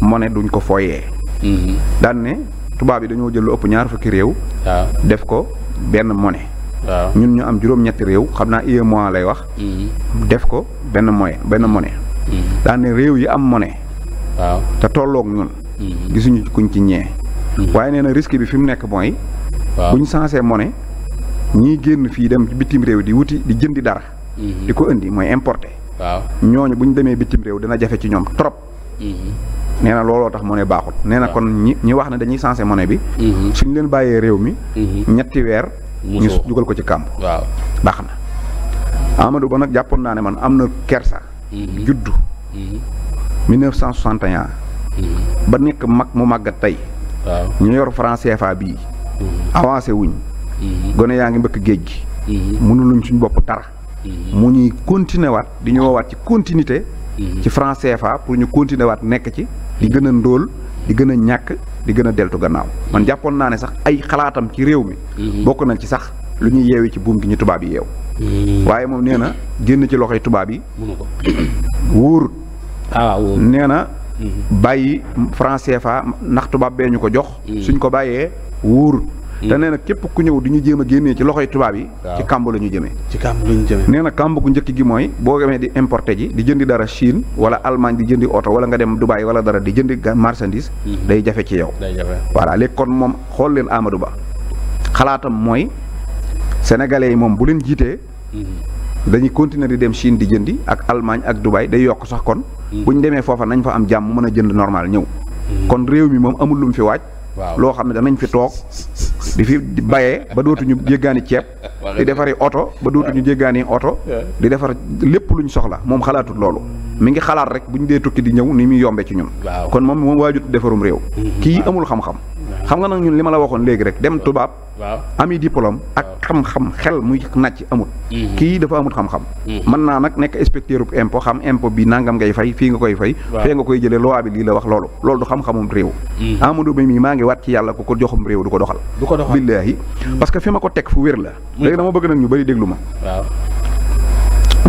mone duñ ko fooyee Mm-hmm. daan ne tubaab yi dañoo jël lu ëpp ñaar fukki réew. def ko benn monnaie. waaw ñun ñu am juróom-ñetti réew xam naa UEMOA lay wax. Mm-hmm. def ko benn moyen benn mone mm-hmm. daan ne réew yi am mone te tolloog ñun. gisuñu kuñ ci ñee. waaye nee na risque bi fi mu nekk mooy. waaw ñu sensé mone ñuy génn fii dem bitim réew di wuti di jëndi dara. di ko indi mooy importe waaw ñooñu bu ñu demee bitim réew dina jafe ci ñoom trop. nee na looloo tax ne baaxut nee na kon ñi ñi wax ne dañuy sensé mone bi mhm. suñu leen bàyyee réew mi mhm. ñetti weer ñu dugal ko ci kàmb waaw baax na Amadou Ba nag jàppoon naa ne man am na kersa mhm. juddu 1961 ba nekk mag mu màggat tey ñu yor franc CFA bii avancé wuñ gone yaa ngi mbëkk géej gi mënuluñ suñ bopp dara mu ñuy continuer waat di ñu woowaat ci continuité Mhm. ci franc CFA pour ñu continuer waat nekk ci. di gën a ndóol di gën a ñàkk di gën a deltu gannaaw man jàppoon naa ne sax ay xalaatam ci réew mi. Mhm. bokk nañ ci sax lu ñuy yeewi ci buum gi ñu tubaab yi yeew. Mhm. waaye moom nee na génn ci loxoy tubaab yi. wóorut. ah nee na. bàyyi franc CFA ndax tubaab bee ñu ko jox. suñ ko bàyyee wóorut. Mm. te nee képp ku ñëw di ñu jéem a génnee ci loxoy tubaab yi ci kàmb la ñu jëmee ci kàmb la ñu jëmee nee na kàmb ku njëkk gi mooy boo demee di importer ji di jëndi dara Chine wala Allemagne di jëndi oto wala nga dem Dubaï wala dara di jëndi marchandise mm. day jafe ci yow voilà léegi kon moom xool leen Amadou Ba xalaatam mooy sénégalais yi moom bu leen jiitee mm. dañuy continuer di dem Chine di jëndi ak Allemagne ak dubaay day yokk sax kon buñ demee foofa nañ fa am jàmm mën a jënd normal ñëw kon réew mi moom amul lu mu loo xam ne danañ fi toog di fi bayee ba dootuñu jéggaani ceeb di defari oto ba ñu jéggaani oto di defar lépp luñ soxla moom xalaatut loolu mi ngi xalaat rek bu ñu dee tukki di ñëw ni muy yombe ci ñun kon moom moom waajut defarum réew mm-hmm. kii amul xam-xam xam nga nag ñun li ma la waxoon léegi rek dem tubaab. waaw ami diplôme ak xam-xam xel muy nàcc amut. Mhm. kii dafa amut xam-xam. Mhm. mën naa nag nekk inspecteur bu impôt xam impôt bi nangam ngay fay fii nga koy fay. fee nga koy jëlee loi bi lii la wax loolu. loolu du xam-xamum réew. Mhm. Amadou Ba mii maa ngi waat ci yàlla ko ko joxum réew du ko doxal. du ko doxal billaahi parce que fi ma ko teg fu wér la. léegi dama bëgg nag ñu bëri déglu ma. waaw.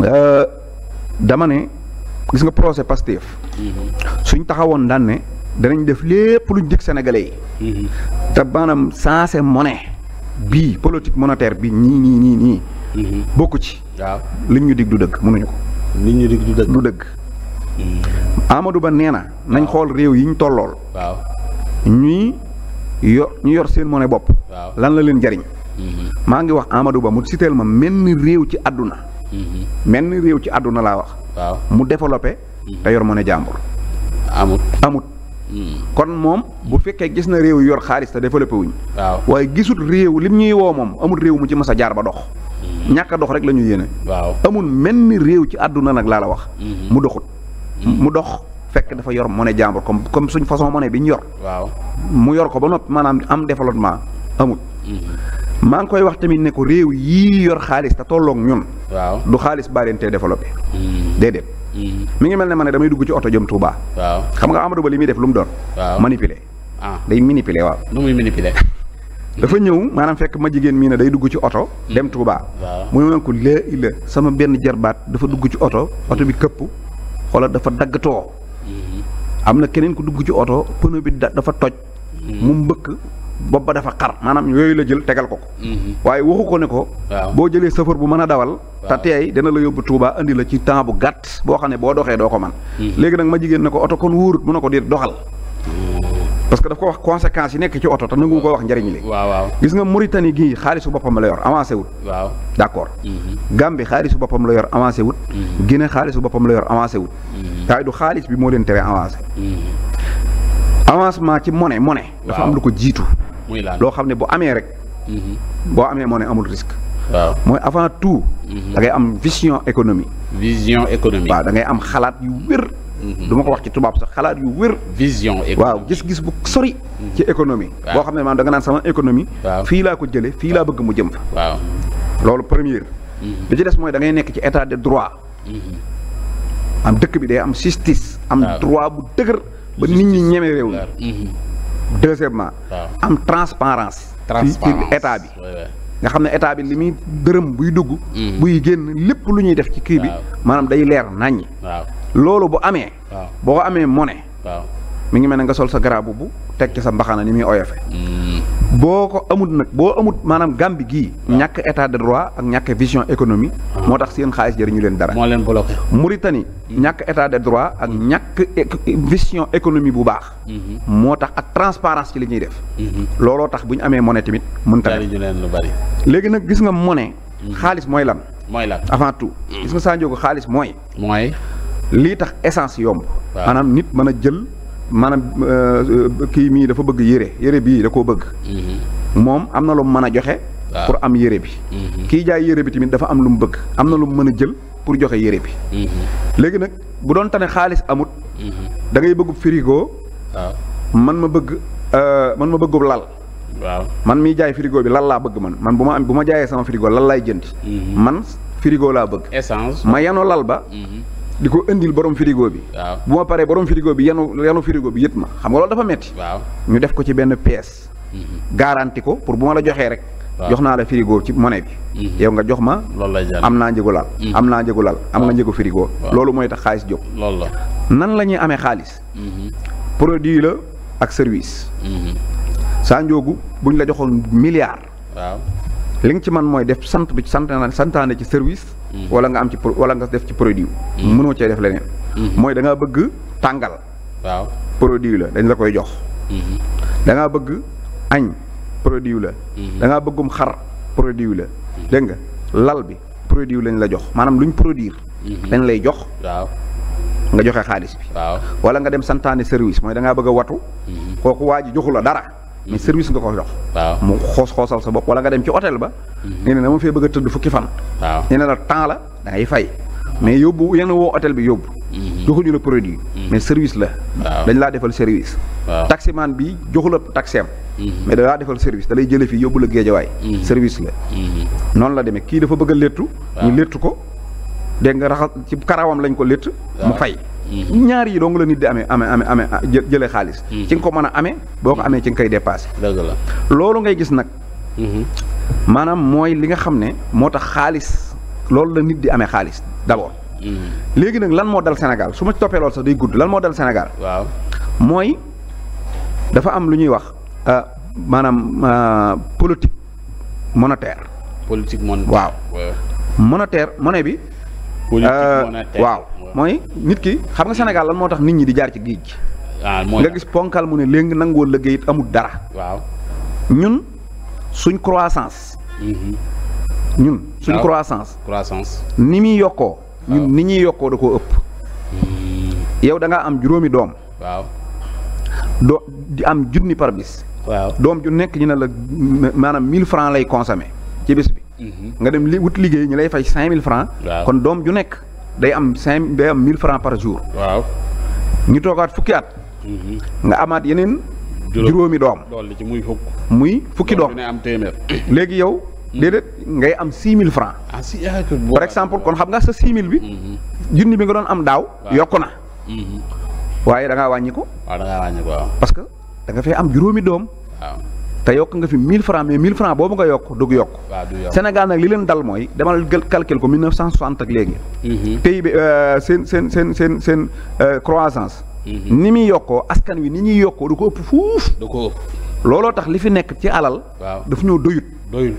Euh, dama ne gis nga procès Pastef. suñ taxawoon daan ne danañ def lépp luñ dig sénégalais yi. Mhm. te maanaam sensé mone bii politique monétaire bi ñii nii nii ñii. Mhm. bokku ci. waaw liñ ñu dig du dëgg mënuñu ko. liñ ñu dig du dëgg du dëgg. Mhm. Amadou Ba nee na nañ xool réew yi ñu tollool. waaw ñuy yor ñu yor seen mone bopp. lan la leen jariñ. maa ngi wax Amadou Ba mu siteel ma menn réew ci àdduna. menn réew ci àdduna laa wax. mu développé. te yor monnaie jàmbur. amut amut. kon moom bu fekkee gis na réew yor xaalis te développé wuñ waaw waaye gisul réew lim ñuy woo moom amul réew mu ci mas a jaar ba dox mm-hmm. ñàkk dox rek la ñu yéene waaw amul menn réew ci àdduna nag laa la wax mm-hmm. mu doxut mm-hmm. mu dox fekk dafa yor monnaie jàmbur comme comme suñ façon monnaie bi ñu yor waaw mu yor ko ba noppi maanaam am développement amul maa ngi koy wax tamit ne ko réew yii yor xaalis te tolloog ñun waaw du xaalis baa leen tee développé déedéet Mm-hmm. mi ngi mel ne ma ne damay dugg ci oto jëm Touba. waaw xam nga Amadou Ba li muy def lu mu doon. waaw ah day manipuler waaw. nu muy manipuler. dafa ñëw maanaam fekk ma jigéen mii ne day dugg ci oto. Mm. dem Touba. waaw mu ko laa ila sama benn jarbaat dafa dugg ci oto. oto bi këpp xoolal dafa dagg too. Mm-hmm. am na keneen ku dugg ci oto pneu bi dafa toj. Mm-hmm. mu mbëkk bopp ba dafa xar maanaam yooyu la jël tegal ko ko mhm. waaye waxu ko ne ko boo jëlee safar bu mën a dawal te teey dana la yóbbu Touba indi la ci temps bu gàtt boo xam ne boo doxee doo ko man mhm. léegi nag ma jigéen ne ko oto kon wóorut mu a ko di doxal oh. parce que daf ko wax conséquences yi nekk ci oto te nangu ko wax njëriñ li waaw waaw gis nga Mauritanie gii xaalisu boppam la yor avancé wut waaw d' accord mhm. Gambie xaalisu boppam la yor avancé wut Guinée xaalisu boppam la yor avancé wut waaye du xaalis bi moo leen tere avancé avancement ci monnaie monnaie. dafa am lu ko jiitu. muy lan loo xam ne bu amee rek. Mhm. boo amee monnaie amul risque. mooy avant tout. Mhm. da ngay am vision économie. vision économie waaw da ngay am xalaat yu wér. Mhm. du ma ko wax ci tubaab sax xalaat yu wér. vision waaw gis-gis bu sori. ci économie. boo xam ne maanaam da nga naan sama économie. fii laa ko jëlee fii laa bëgg mu jëm fa. loolu première. bi ci des mooy dangay nekk ci état de droit. am dëkk bi day am justice. am droit bu dëgër. ba nit ñi ñeme réew mi mhm. deuxièmement am transparence ci état bi nga xam ne état bi li muy dërëm buy dugg mhm. buy génn lépp lu ñuy def ci kii bi maanaam day leer naññ loolu bu amee boo ko amee mone mi ngi mel ne nga sol sa garab bu teg ci sa mbaxana ni muy oyofe boo ko amut nag boo amut maanaam Gàmbi gii ñàkk état de droit ak ñàkk vision économie ah. moo tax seen xaalis jëriñu leen dara moo leen bloqué Mauritanie hmm. ñàkk état de droit ak hmm. ñàkk vision économie bu baax hmm. moo tax ak transparence ci li ñuy def looloo tax bu ñu amee monnaie tamit mën ta lu bari léegi nag gis nga monnaie xaalis mooy lan mooy lan avant tout gis nga Sa Ndiogou xaalis mooy mooy lii tax essence yomb maanaam nit mën a jël maanaam euh, kii mii dafa bëgg yére yére bii da koo bëgg. Mm-hmm. moom am na lu mu mën a joxe. pour am yére bi. Mm-hmm. kii jaay yére bi tamit dafa am lu mu bëgg am na lu mu mën a jël pour joxe yére bi. Mm-hmm. léegi nag bu doon tane xaalis amut. da ngay bëgg frigo. man ma bëgg euh, man ma bëggu lal. waaw man miy jaay frigo bi lal laa bëgg man man bu ma am bu ma jaayee sama frigo lal laay jënd. man frigo laa bëgg. essence ma yanoo lal ba. di ko indil borom frigo bi. waaw bu ma paree borom frigo bi yenu yanu frigo bi yët ma xam nga loolu dafa metti waaw ñu def ko ci benn pièce. Mhm. garanti ko pour bu ma la joxee rek. jox naa la frigo ci monnaie bi. Mhm. yow nga jox ma. loolu am naa njëgu laal. Mhm. am naa njëgu laal am nga njëgu frigo. loolu mooy tax xaalis jóg. loolu la nan la ñuy amee xaalis. produit la ak service. saa njoogu buñ la joxoon milliard. li nga ci man mooy def sant bi sant santaane ci service. Mhm. wala nga am ci wala nga def ci produit. Mhm. mënoo cee def leneen. Mhm. mooy da bëgg tàngal. waaw produit la dañ la koy jox. da bëgg añ produit la. da bëggum xar produit la. dégg nga lal bi produit lañ la jox maanaam luñ produit dañ lay jox. nga joxe xaalis bi. waaw wala nga dem santaane service mooy da bëgg a watu. kooku waa ji joxu la dara. mais service nga koy dox. waaw mu xoos xoosal sa bopp wala nga dem ci hôtel ba. nga mhm. ne dama fee bëgg a tëdd fukki fan. waaw ñu ne la temps la da fay. mais yóbbu yenn woo otel bi yóbbu. Mhm. joxuñu la produit. Mhm. mais service la. dañ laa defal service. waaw taximaan bi joxu la taxeem. mais da laa defal service da lay jëlee fii yóbbu la géejawaay. service la. noonu la demee kii dafa bëgg a léttu. ñu léttu ko dégg nga raxas ci karawam lañ ko létt mu fay. ñaar yi dong la nit di amee amee amee amee ah, jëlee xaalis. Mm-hmm. ci nga ko mën a amee boo ko amee ci nga koy dépassé. la loolu ngay gis nag. Mm-hmm. maanaam mooy li nga xam ne moo tax xaalis loolu la nit di amee xaalis d'abord. Mm-hmm. léegi nag lan moo dal Sénégal su ma toppee lool sax day gudd lan moo dal Sénégal. waaw mooy dafa am lu ñuy wax euh, maanaam euh, politique monétaire. politique monétaire waaw monétaire monnaie bi. Euh, waaw mooy nit ki xam nga Sénégal lan moo tax nit ñi di jaar ci géej gi ah, nga gis ponkal mu ne léegi nangoo liggéey it amul dara waaw ñun suñ croissance mhm. ñun suñ croissance croissance ni muy yokkoo ñun ni ñuy yokkoo da koo ëpp hmm. yow da am juróomi doom waaw doo di am junni par bis waaw doom ju nekk ñu ne la maanaam mille francs lay consommé ci bis bi Mhm. nga dem li wut liggéey ñu lay fay cinq mille francs kon doom ju nekk day am cinq day mille francs par jour. waaw ñu toogaat fukki at. Mhm. nga amaat yeneen. juróomi doom dolli ci muy fukk. muy fukki doom am téeméer. [COUGHS] léegi yow. Mhm. déedéet ngay am six mille francs. Ah, ah, par exemple kon xam nga sa six mille bi. junni bi nga doon am daaw. yokk na. waaye dangaa wàññi ko. waaw da ngaa parce que da nga am juróomi doom. te yokk nga fi 1000 francs mais 1000 francs boobu nga yokk dug yokk Sénégal nag li leen dal mooy demal calcul ko 1960 ak léegi PIB mhm. euh, seen seen seen seen seen euh, croissance mhm. ni muy yokkoo askan wi ni ñuy yokkoo du ko ëpp fuuf ko looloo tax li fi nekk ci alal daf ñoo doyut doyut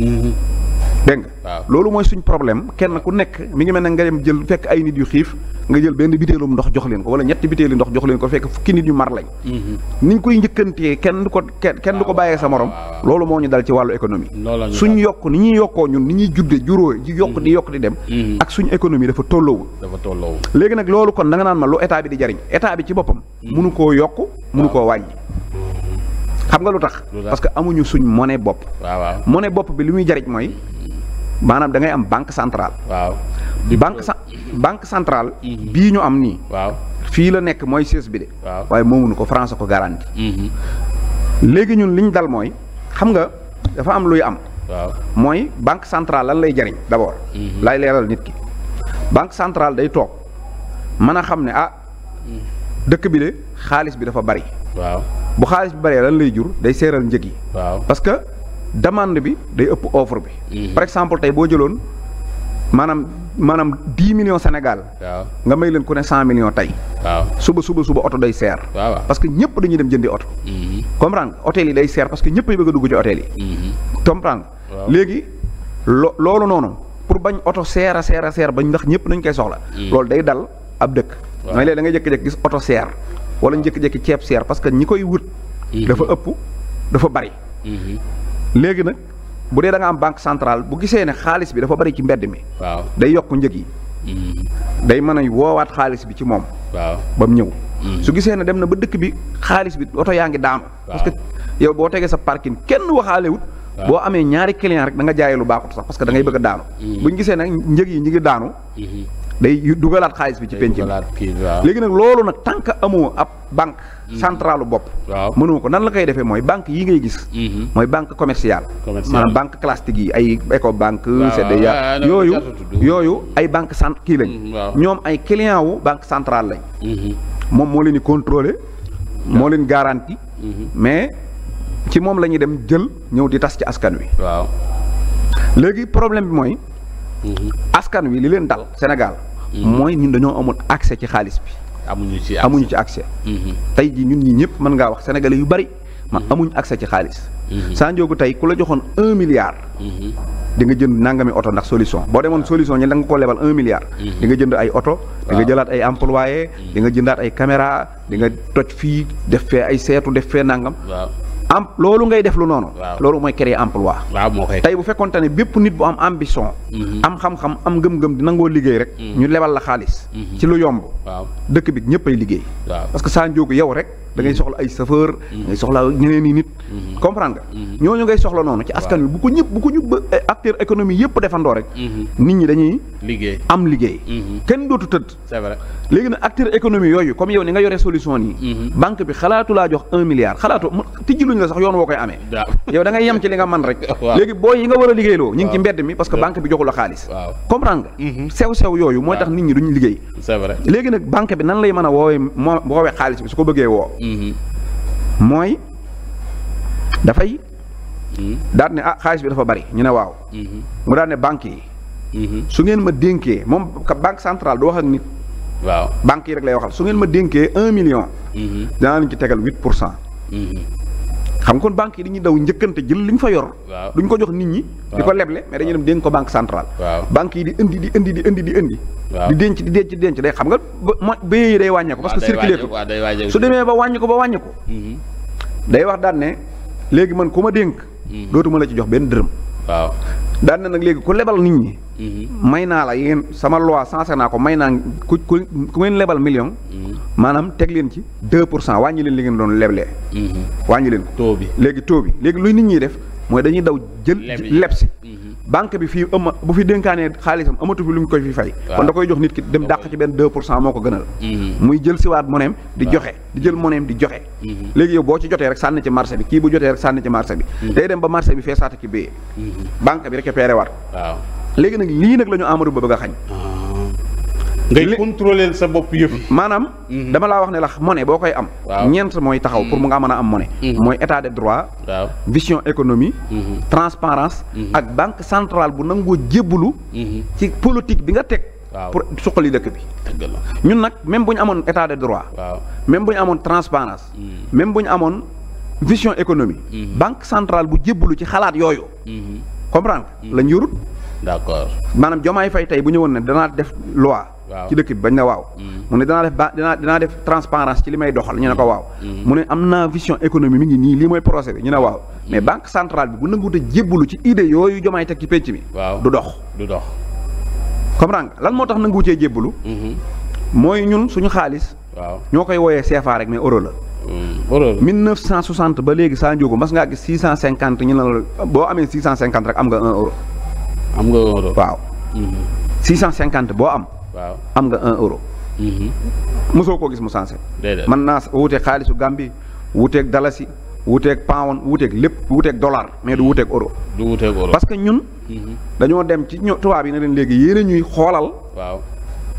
mhm. dégg nga loolu mooy suñ problème kenn ku nekk mi ngi mel ne nga dem jël fekk ay nit yu xiif nga jël benn bitéelum ndox jox leen ko wala ñetti bitéeli ndox jox leen ko fekk fukki nit yu mar lañ ñu mhm. koy njëkkantee kenn du ko kenn du ko bàyyee sa morom loolu moo ñu dal ci wàllu économie suñ yokk ni ñuy yokkoo ñun ni ñuy judde juróo ji yokk di yokk di mhm. dem mhm. ak suñ économie dafa tolloowul léegi nag loolu kon da naan ma lu état bi di jariñ état bi ci boppam mënu koo yokk mënu koo wàññi xam nga lu tax parce que amuñu suñ monnaie bopp monnaie bopp bi li muy jariñ mooy maanaam da ngay am banque centrale. banque sa banque centrale. Mhm. bii ñu am nii. waaw fii la nekk mooy siège bi de. waaw waaye moomuñu ko France ko garanti. Mhm. léegi ñun li dal mooy xam nga dafa am luy am. mooy banque centrale lan lay jariñ d'abord. Mhm. lay leeral nit ki banque centrale day toog mën a xam ne ah dëkk bi de xaalis bi dafa bari. waaw bu xaalis bi baree lan lay jur day seeral njëg yi. demande bi day ëpp offre bi. Mhm. par exemple tey boo jëloon maanaam maanaam dix millions Sénégal. nga may leen ku ne cent millions tey. suba suba suba oto day seer. parce que ñëpp dañuy dem jëndi oto. Mhm. comprendre nga hôtel yi day seer parce que ñëpp ay bëgg a dugg ci hôtel yi. Mhm. comprendre léegi lo loolu noonu pour bañ oto seer a seer a seer bañ ndax ñëpp nañ koy soxla. loolu day dal ab dëkk. waaw mooy léegi da ngay jékki-jékki gis oto seer wala njëkk-jékki ceeb seer parce que ñi koy wut. dafa ëpp dafa bari. léegi nag bu dee da nga am banque centrale bu gisee ne xaalis bi dafa bari ci mbedd mi. waaw day yokk njëg yi. Mm-hmm. day mën a woowaat xaalis bi ci moom. waaw ñëw. Mm-hmm. su gisee ne dem na ba dëkk bi xaalis bi oto yaa ngi daanu. parce que yow boo tegee sa parking kenn waxaalewut boo amee ñaari client rek da nga jaayee lu baaxut sax parce que dangay ngay bëgg a mm-hmm. daanu. buñ gisee nag njëg yi ñu ngi daanu. day dugalaat xaalis bi ci penc bi léegi nag loolu nag tant que amoo ab banque. Mhm. centralu bopp mënuma ko nan la koy defee mooy banque yi ngay gis mhm. mooy banque commerciale maanaam banque classique yi ay banque Ecobank CEDEA yooyu yooyu ay banque cent kii lañ mhm, ñoom ay client wu banque centrale lañ moom moo leen di contrôler moo leen garanti mais ci moom la ñuy dem jël ñëw di tas ci askan wi waaw léegi problème bi mooy askan wi li leen dal oh. Sénégal mooy ñun dañoo amul accès ci xaalis bi amuñu ci amuñu ci accès. Mhm. tey ji ñun ñi ñëpp mën ngaa wax sénégalais yu bari ma mhm. amuñ accès ci xaalis. Mhm. Sa Ndiogou tey ku la joxoon un milliard. di nga jënd nangami oto ndax solution boo demoon solution ñi da nga ko lebal un milliard. di nga jënd ay oto. di nga jëlaat ay employé di nga jëndaat ay caméra di nga toj fii def fee ay seetu def fee nangam. am loolu ngay def lu noonu. loolu mooy créer emploi. waaw moo koy tey bu fekkonte ne bépp nit bu am ambition. Mhm. am xam-xam am ngëm-ngëm di nangoo liggéey rek. Mhm. ñu lebal la xaalis. Mhm. ci lu yomb. dëkk bi ñëpp ay liggéey. parce que saa njóogu yow rek. dangay ngay soxla ay chauffeur da mm-hmm. ngay soxla ñeneen i nit mm-hmm. comprendre nga mm-hmm. ñooñu ngay soxla noonu ci askan wi bu ko ñëpp bu ko ñu ba eh, acteur économie yëpp defandoo rek nit ñi dañuy liggéey am liggéey kenn dootu tëdd c'est léegi nag acteur économie yooyu comme yow ni nga yoree solution nii banque bi xalaatu laa jox un milliard xalaatu tijji luñ la sax yoon woo koy amee yow da ngay yem ci li nga man rek [LAUGHS] léegi booy yi nga war a liggéeyloo ñu ngi ci mbedd mi parce que banque bi joxu la tax nit ñi duñ liggéey léegi nag banque bi nan lay mën a woowee moo woowee xaalis bi su ko bëggee woo mooy dafay daal ne ah xaalis bi dafa bari ñu ne waaw mu daal ne banque yi su ngeen ma dénkee moom banque centrale du wax ak nit waaw banque yi rek lay waxal su ngeen ma dénkee un million mhm. dinaa leen ci tegal huit pour cent mhm. xam kon banque yi dañuy daw njëkkante jël li ñu fa yor. duñ ko jox nit ñi. di ko leble mais dañu dem dénk ko banque centrale. banque yi di indi di indi di indi di indi. denc di denc di denc day xam nga ba yi day wàññeeku. parce que circulé ko su demee ba wàññi ko ba wàññi mm-hmm. day wax daan ne léegi man ku ma dénk. Mm-hmm. dootuma la ci jox benn dërëm. waaw daan na nag léegi ku lebal nit ñi. Mhm. may naa la yéen sama loi sensé naa ko may naa ku ku ku ngeen lebal million. Mhm. maanaam teg leen ci deux pour cent wàññi leen li ngeen doon leble mhm. wàññi leen ko bi léegi taux bi léegi luy nit ñi def mooy dañuy daw jël leb si. banque bi fii ëmma bu fi dénkaanee xaalisam amatu fi lu ñu koy fi fay. kon da koy jox nit ki dem dàq ci benn 2 pour cent moo ko gënal. Mhm. muy jël siwaat moneem di joxe di jël moneem di joxe. Mhm. léegi yow boo ci jotee rek sànni ci marché bi kii bu jotee rek sànni ci marché bi. Mhm. day dem ba marché bi fee saata ci béyee. banque bi récupéré waat. waaw léegi nag lii nag la ñu Amadou Ba bëgg a xañ. Ah. ngay contrôler sa bopp yëpp. maanaam. Mhm. dama laa wax ne la monnaie boo koy am. ñeent mooy taxaw pour mu mhm. nga mën a am monnaie. Mhm. mooy état de droit. vision économie. transparence ak banque centrale bu nangoo jébbalu. ci politique bi nga teg. pour suqali dëkk bi. ñun nag même bu ñu amoon état de droit. même bu ñu amoon transparence. même bu ñu amoon vision économie. banque centrale bu jébbalu ci xalaat yooyu. comprendre lañ yorut. d'accord maanaam jomaay fay tey bu ñëwoon ne danaa def loi. ci dëkk bi bañ na waaw mm. mu ne danaa def ba dinaa def transparence ci li may doxal ñu ne ko waaw mm. mu ne am na vision économie mi ngi nii lii mooy procès bi ñu ne waaw mm. mais banque centrale bi bu nanguwut a jébbalu ci idée yooyu jomaay teg ci pénc mi du dox du dox comprendre nga lan moo tax nanguwu cee jébbalu mm-hmm. mooy ñun suñu xaalis waaw ñoo koy wooyee CFA rek mais euro la euro la 1960 ba léegi saa njóogu mas ngaa gis 650 ñu ne la boo amee 650 rek am nga 1 euro am nga 1 euro waaw 650 mm-hmm. boo am waaw am nga un euro. Mm-hmm. mosoo koo gis mu sensé. man naa wuuteeg xaalisu Gambie wuuteeg dalasi wuuteeg pound wuuteeg lépp wuuteeg dollar mais du mm-hmm. wuuteeg euro. du wuuteeg euro parce que ñun. Mm-hmm. dañoo dem ci ño tubaab yi ne leen léegi yéen ñuy xoolal. waaw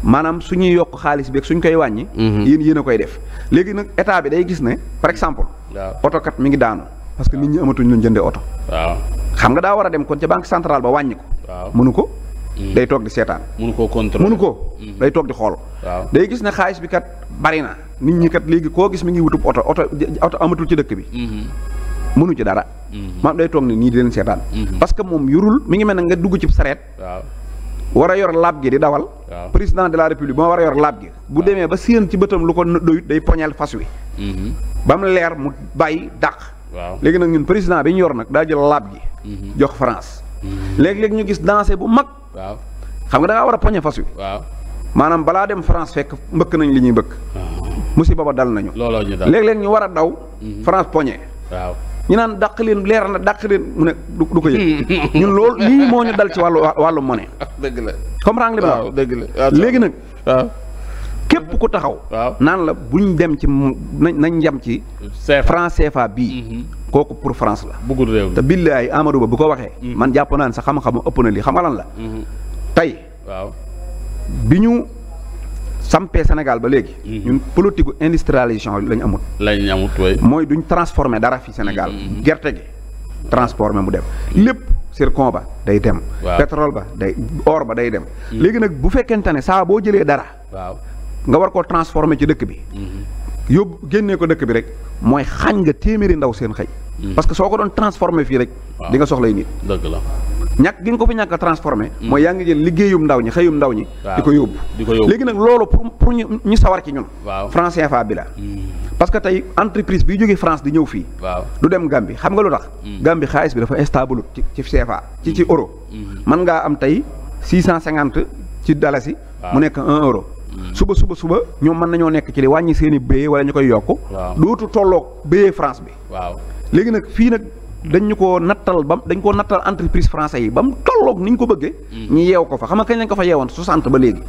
maanaam su ñuy yokk xaalis beeg suñ koy wàññi. yéen yéen a koy def léegi nag état bi day gis ne par exemple. waaw oto mi ngi daanu. parce que nit ñi amatuñ luñ jëndee oto. xam nga daa war a dem kon ca banque centrale ba wàññi ko. waaw mënu ko. Mm. day toog di seetaan. mënu koo contrôler mënu ko. Mm. day toog di xool. waaw day gis ne xaalis bi kat bari na. nit ñi kat léegi koo gis mi ngi wutub oto oto oto amatul ci dëkk bi. mënu mm-hmm. ci dara. Mm-hmm. maam day toog ne nii di leen seetaan. Mm-hmm. parce que moom yorul mi ngi mel ne nga dugg ci sareet. waaw war a yor laab gi di dawal. président de la république ba war a yor laab gi. bu demee ba séen ci bëtam lu ko doyut day poñal fas wi. ba mu leer mu bàyyi dàq. léegi nag ñun président bi ñu yor nag daa jël laab jox France. léeg-léeg ñu gis dansé bu mag. xam nga da war a poñe fas yu maanaam balaa dem France fekk mbëkk nañ li ñuy bëkk. Ah. musiba ba dal nañu. looloo ñu léeg-léeg ñu war a daw. Mhm. France poñe. ñu naan daq leen leeral na dàq leen mu ne du ko yëg. [LAUGHS] ñun loolu lii moo ñu dal ci wàllu wàllu monnaie. ne [LAUGHS] la comprendre li ma wax. dëgg la léegi nag. képp ku taxaw. waaw naan la buñ dem ci mu nañ nañ yem ci. franc CFA bii. Mhm. kooku pour France la. bëggul réew mi te billaay Amadou Ba bu ko waxee. Mhm. man jàpp naan ne sa xam-xamu ëpp na lii xam nga lan la. Mhm. tey. waaw bi ñu sampee Sénégal ba léegi. ñun politique gu industrialisation lañ amut. lañ amut mooy duñ transformé dara fi senegal gerte gi transformé mu dem lépp. zircon ba day dem. pétrole ba day or ba day dem. léegi nag bu fekkente ne saa boo jëlee dara. nga war koo transformer ci dëkk bi. Mm-hmm. yóbbu génnee ko dëkk bi rek mooy xañ nga téeméeri ndaw seen xëy. Mm-hmm. parce que soo ko doon transformer fii rek. di nga soxlay nit. dëgg la ñàkk gi nga ko fi ñàkk a transformé. Mm-hmm. mooy yaa ngi jël liggéeyum ndaw ñi xëyum ndaw ñi. di ko yóbbu di ko yóbbu léegi nag loolu pour pour ñu ñu sawar ci ñun. waaw franc CFA bi la. parce que tey entreprise bi jógee France di ñëw fii. waaw du dem Gambie xam nga lu tax. Mm. Gambie xaalis bi dafa stable ci ci CFA. ci ci euro. man ngaa am tey six cent cinquante ci dalasi. mu nekk un euro. suba suba suba ñoom mën nañoo nekk ci li wàññi seeni i béyee wala ñu koy yokk. waaw dootu tolloog béyee France bi. waaw léegi nag fii nag dañ ñu koo nattal ba dañ koo nattal entreprise français yi ba mu tolloog ni ñu ko bëggee. Hmm. ñu yeew ko fa xam nga kañ lañ ko fa yeewoon 60 ba léegi.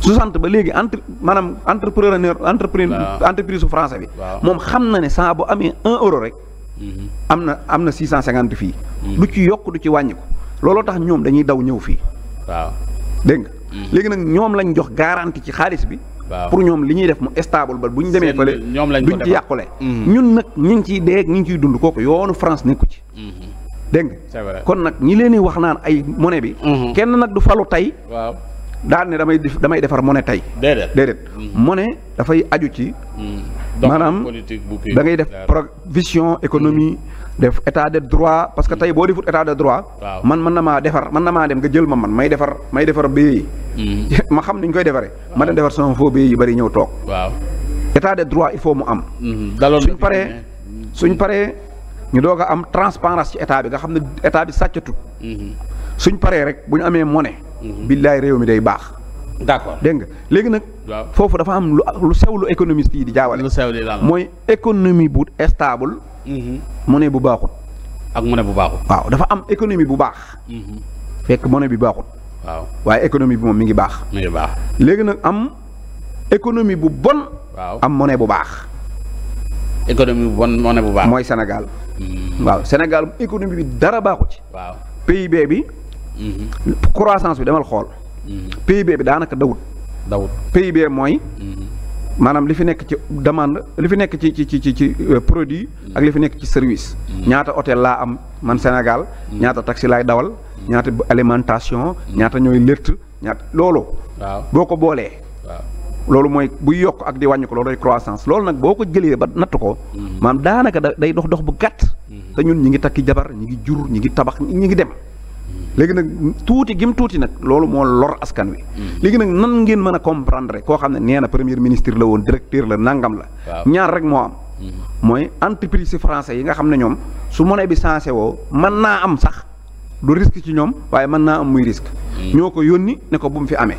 60 hmm. ba léegi entre maanaam entrepreneur entrepreneur. entreprise su français bi. moom xam na ne saa bu amee 1 euro rek. Hmm. am na am na 650 fii. du ci yokk du ci wàññi ko looloo tax ñoom dañuy daw ñëw fii. waaw dégg nga Mhm. léegi nag ñoom lañ jox garantie ci xaalis bi. pour ñoom li ñuy def mu stable ba bu ñu demee fële. ñoom lañ duñ ci yàqule. Mhm. ñun nag ñu ngi ciy dee ñu ngi ciy dund kooku yoonu France nekku ci. Mhm. dégg nga kon nag ñi leen di wax naan ay monnaie bi. kenn nag du falu tey. waaw daal ne damay damay defar monnaie tey. déedéet déedéet. monnaie dafay aju ci. maanaam da ngay def vision économie. def état de droit parce que tey boo defut état de droit. man mën na maa defar man na maa dem nga jël ma man may defar may defar béy mhm. [LAUGHS] ma xam ni ñu koy defaree. ma dem defar sama faux béy yu ñëw toog. waaw état de droit il faut mu am. Mhm. daloon suñ paree suñ paree ñu doog a am transparence ci état bi nga xam ne état bi sàccatut. Mhm. suñ paree rek bu ñu amee monnaie. billaay réew mi day baax. d'accord dégg nga léegi nag. foofu dafa am lu sew lu économiste yi di jaawale. mooy économie bu stable. Mm-hmm. monnaie bu baaxut. ak monnaie bu baaxut. waaw dafa am économie bu baax. Mm-hmm. fekk monnaie bi baaxut. waaw waaye économie bi moom mi ngi baax. mi baax léegi nag am économie bu bon. am monnaie bu baax. économie bu bon monnaie bu baax. mooy senegal mm-hmm. waaw Sénégal économie bi dara baaxu ci. waaw PIB bi. croissance bi demal xool. PIB bi daanaka dawut. dawut PIB mooy. maanaam li fi nekk ci demande li fi nekk ci ci ci ci euh, produit ak li fi nekk ci service. Mm. ñaata hôtel laa am man Sénégal. Mm. ñaata taxi laay dawal. Mm. ñaata bu alimentation. ñaata ñooy lëtt ñaata loolu. boo ko boolee. loolu mooy buy yokk ak di wàññi ko loolu croissance loolu nag boo ko jëlee ba natt ko. Mm-hmm. maanaam daanaka day dox dox bu gàtt. Mm-hmm. te ñun ñi ngi takki jabar ñi ngi jur ñi ngi tabax ñi ngi dem. léegi nag tuuti gim tuuti nag loolu moo lor askan wi. Mm. léegi nag nan ngeen mën a comprendre koo xam ne nee na première ministre la woon directeur la nangam la. ñaar rek moo am. Mm-hmm. mooy entreprise français yi nga xam ne ñoom su monnaie bi sensé woo man naa am sax du risque ci ñoom waaye mën naa am muy risque. Mm. ñoo ko yónni ne ko bu mu fi amee.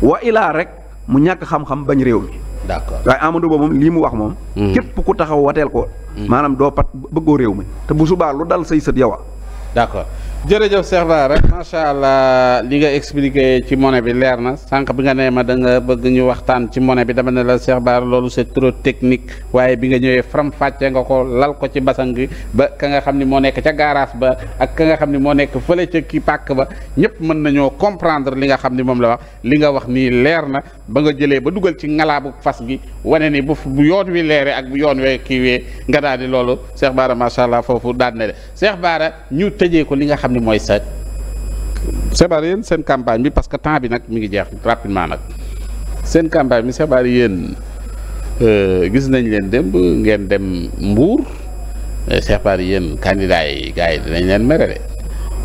wa ilaa rek mu ñàkk xam-xam bañ réew mi. d'accord waaye Amadou Ba moom lii mu wax moom. Mm. képp ku taxaw wateel ko. maanaam doo pat bëggoo réew mi te bu subaa lu dal say sët yow a. d'accord. jërëjëf Cheikh Bara rek macha allah li nga expliqué ci monnaie bi leer na sànq bi nga nee ma da bëgg ñu waxtaan ci monnaie bi dama ne la Cheikh baar loolu set trop technique waaye bi nga ñëwee faram fàccee nga ko lal ko ci basang bi ba ka nga xam ni moo nekk ca garage ba ak ka nga xam ni moo nekk fële ca kii pàkk ba ñëpp mën nañoo comprendre li nga xam ni moom la wax li nga wax nii leer na ba nga jëlee ba dugal ci ngalaabu fas gi wane ni bu yoon wi leere ak bu yoon wee kii wee nga daal di loolu Cheikh Bara macha allah foofu daan na de Cheikh Bara ñu tëjee ko li nga xam ne mooy sa Cheikh Bara yéen seen campagne bi parce que temps bi nag mi ngi jeex rapidement nag seen campagne bi Cheikh Bara yéen euh, gis nañ leen démb ngeen dem Mbour Cheikh Bara yéen candidat yi gars yi dinañ leen mere de.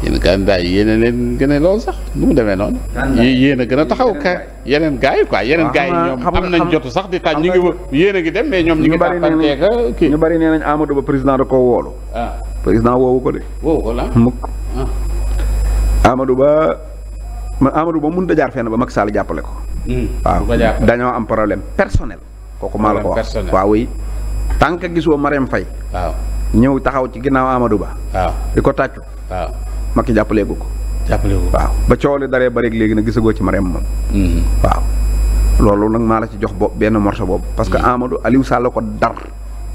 yéen gaa yi daay yéen a leen gën a lool sax nu mu demee noonu. yéen a gën a taxaw ka yeneen gaa yi quoi yeneen gaa yi ñoom am nañ jotu sax di tànn ñu ngi wë yéen a ngi dem mais ñoom ñu ngi tàntanteeg kii ñu bari nee nañ Amadou Ba président da koo woolu ah président woowu ko de. woowu ko la mukk ah. Amadou Ba ma Amadou Ba mënut a jaar fenn ba Macky Sall jàppale ko. Hmm. waaw dañoo am problème personnel. kooku maa la ko wax waaw yi tant que gisoo Marème Faye. waaw ñëw taxaw ci ginnaaw Amadou Ba. waaw di ko tàccu. waaw Macky jàppaleegu ko. jàppaleegu ko waaw ba coow li daree bareeg léegi nag gisagoo ci Marème moom. Mm-hmm. waaw loolu nag maa la ci jox bopp benn morceau boobu. parce que mm-hmm. Amadou Aliou Sall la ko dar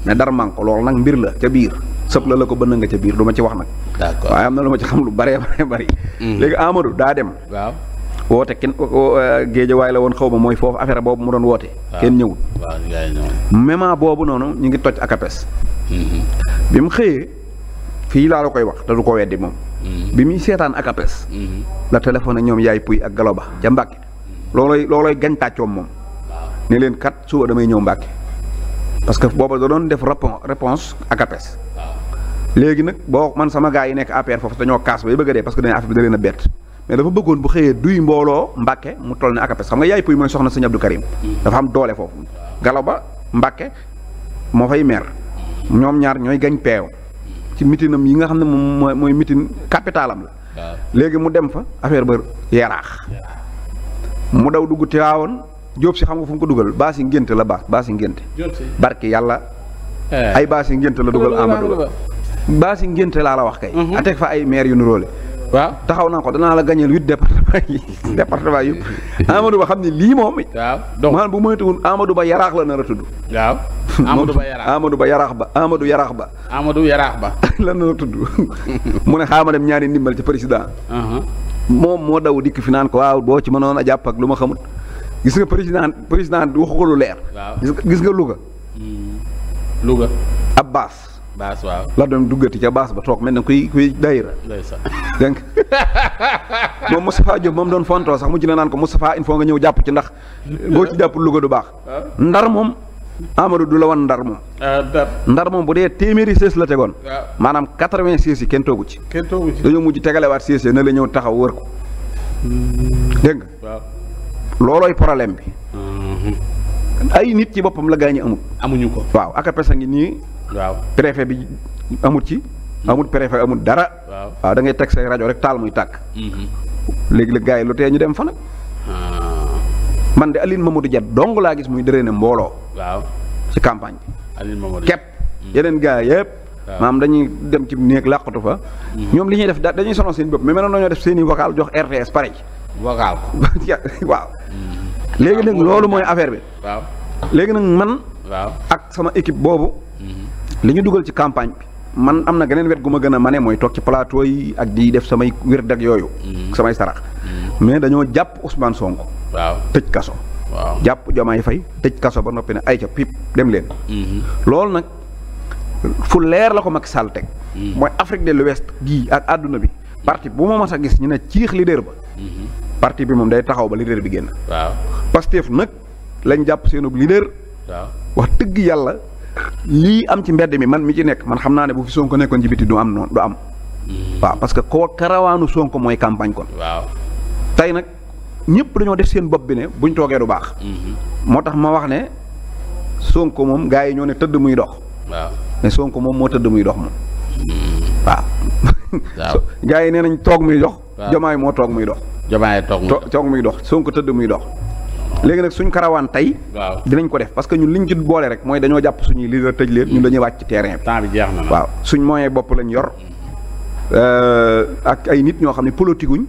ne dar man ko loolu nag mbir la ca biir sëb la la ko bënn nga ca biir du ma ci wax nag. waaye am na lu ma ci xam lu baree [LAUGHS] baree bari. Mm-hmm. léegi Amadou daa dem. waaw woote kenn eh, géejawaay la woon xaw ma mooy foofu affaire boobu mu doon woote. kenn ñëwul. waaw boobu noonu ñu ngi toj akapes bi mu xëyee fii laa la koy wax te du ko weddi moom. Mhm. bi muy seetaan ak apes mhm. la téléphoné ñoom yaay puy ak galoba ca Mbàkke mhm. loolooy loolooy gañ tàccoom moom ne leen kat suba damay ñëw Mbàkke parce que booba da doon def réponse ak apes léegi nag boo man sama gaa yi nekk APR foofu dañoo kaas bay bëgg a dee parce que dañu affaire bi da leen a bett mais dafa bëggoon bu xëyee duy mbooloo Mbàkke mu toll ne ak apes xam nga yaay puy mooy soxna sëñ Abdou Karim dafa am doole foofu galoba Mbàkke moo fay meer ñoom ñaar ñooy gañ ci mitinam yi nga xam ne moom mooy mitin capitalam la. léegi mu dem fa affaire ba yaraax. mu daw dugg Tiwaawoon Jóob si xam nga fu mu ko dugal baasi ngénte la baas baasi ngénte. barke yàlla. Eh. ay baasi ngénte la dugal Amadou Ba. baasi ngénte laa la wax kay. Mm-hmm. ateg fa ay maire yu niróole. waaw taxaw naa ko danaa la gañeel wit département yi [LAUGHS] département yi Ba xam ne lii moom. [LAUGHS] waaw donc maanaam bu moytuwul Amadou Ba yaraax la nar a tudd. waaw [LAUGHS] Amadou Ba yaraax Ba yaraax ba Amadou yaraax ba. Amadou yaraax ba. la nar a tudd mu ne xaama ma dem ñaari ndimbal ci président. Uh-huh. moom moo daw dikk fi naan ko waaw boo ci mënoon a jàpp ak lu ma xamut gis nga président président waxu ko lu leer. gis nga Louga. Hmm. Louga. Abbas. baas waaw la doon duggati ca baas ba toog mel na kuy kuy dayira dégg [LAUGHS] moom Moustapha Diop moom doon fontoo sax mujj na naan ko Moustapha il faut nga ñëw jàpp ci ndax boo ci jàpp Louga du baax ah. ndar moom Amadou du la wan ndar moom. Ah, ndar moom bu dee téeméeri sées la tegoon. Ah. maanaam quatre vingt sées yi kenn toogu ci. kenn toogu ci dañoo mujj tegalewaat sées yi na la ñëw taxaw wër ko. Hmm. dégg nga. loolooy problème bi. Hmm. ay nit ci boppam la gaañu amul. amuñu ko waaw a ngi nii. waaw préfet bi amut ci. amul préfet amul dara. waaw waaw da ngay teg say rajo rek taal muy tàkk. Mhm. léegi la gars yi lu tee ñu dem fa nag. Ah. man de Aline Mamadou ja dong laa gis muy drainer mbooloo. waaw ci campagne bi. Aline Mamadou képp mhm. yeneen gars yëpp. maam dañuy dem ci néeg làqatu fa. Mhm. ñoom li ñuy def da dañuy sonal seen bopp mais meloon nañoo def seeni i jox RTS pare. vocal [LAUGHS] waaw. léegi nag loolu mooy affaire bi. waaw léegi nag man. waaw ak sama équipe boobu. li ñu dugal ci campagne bi man am na geneen wet gu ma gën a mane mooy toog ci plateau ak di def samay wird ak yooyu. Mm-hmm. samay sarax. Mm-hmm. mais dañoo jàpp Ousmane sonk waaw tëj kaso. waaw jàpp Diomaye fay tëj kaso ba noppi ne ay ca pip dem leen. Mm-hmm. loolu nag fu leer la ko Macky Sall teg. mooy Afrique de l'Ouest gii ak àdduna bi. parti bu ma mas a gis ñu ne ciix leader ba. parti bi moom day taxaw ba leader bi génn. waaw Pastef nag lañ jàpp seenug leader. waaw wax dëgg yàlla. lii am ci mbedd mi man mi ci nekk man xam naa ne bu fi Sonko nekkoon ci biti du am noonu du am. Hmm. waaw parce que koo karawaanu sonk mooy campagne kon. waaw nag ñépp dañoo def seen bopp bi ne buñ toogee du baax. Hmm. moo tax ma wax ne sonk moom gaa yi ñoo ne tëdd muy dox. waaw sonk moom moo tëdd muy dox moom. Hmm. waaw. waaw [LAUGHS] gaa yi nee nañ toog muy dox. jomaay moo toog muy dox. jomaay toog muy dox toog muy dox sonk tëdd muy dox. léegi nag suñ karawaan tey. waaw dinañ ko def parce que ñun liñ ci boole rek mooy dañoo jàpp suñuy leader tëj leen ñu dañu wàcc terrain bi. temps bi jeex na waaw suñ moyen bopp lañu yor. Euh, ak ay nit ñoo xam ne politique guñ.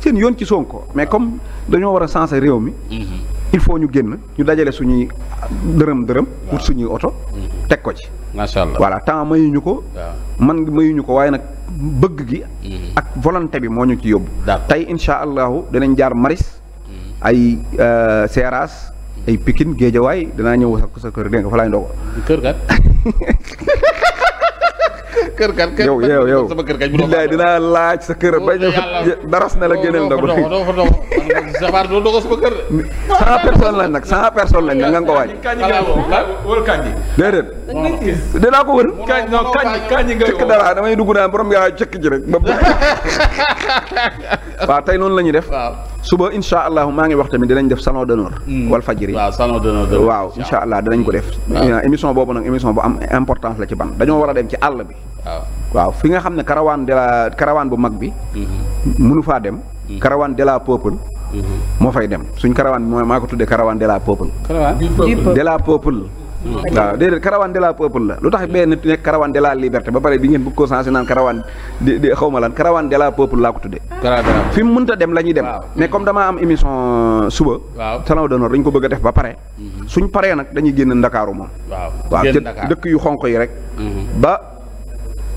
seen yoon ci Sonko mais comme dañoo war a sensé réew mi. Mm-hmm. il faut ñu génn ñu dajale suñuy dërëm dërëm. pour suñuy oto. Mm-hmm. teg ko ci. macha allah voilà temps mayuñu ko. man mayuñu ko waaye nag bëgg gi. Mm-hmm. ak volonté bi moo ñu ci yóbbu. tey incha allahu danañ jaar maris. ay euh, Seras ay Pikine Géejawaay danaa ñëw sa sa kër dégg nga fa laay ndogo. kër [LAUGHS] kër kat kër yow yow yow sama kër billaay dinaa laaj sa kër oh, daras na la oh, génneel ndogu sabar doo [LAUGHS] lañ nag cent personnes lañ nag nga ko waaj wër kanji déedéet dinaa ko wër kanji nga cëkk dara damay dugg naa borom yaa cëkk ji rek [LAUGHS] ba tey noonu la ñuy def suba incha allah maa ngi wax tamit dinañ def salon d'honneur hmm. wal fajiri waaw salon allah dinañ ko def ah. émission boobu nag émission bu am importance la ci ban dañoo war a dem ci àll bi ah. waaw fi nga xam ne caravane de la caravane bu mag bi mënu hmm. faa dem hmm. caravane de la moo fay dem suñ caravane bi mooy maa ko tuddee caravane de la peuple de waaw déedéet caravane de la peuple la lu tax benn nit nekk caravane de la liberté ba pare bi ngeen bëgg ko sensé naan caravane di di xaw ma lan caravane de la peuple laa ko tuddee fi mu mënta dem la ñuy dem mais comme damaa am émission euh, suba salon d'honneur dañ ko bëgg a def ba pare mhm. suñ paree nag dañuy génn ndakaaru moom waaw dëkk yu xonq yi rek mhm. ba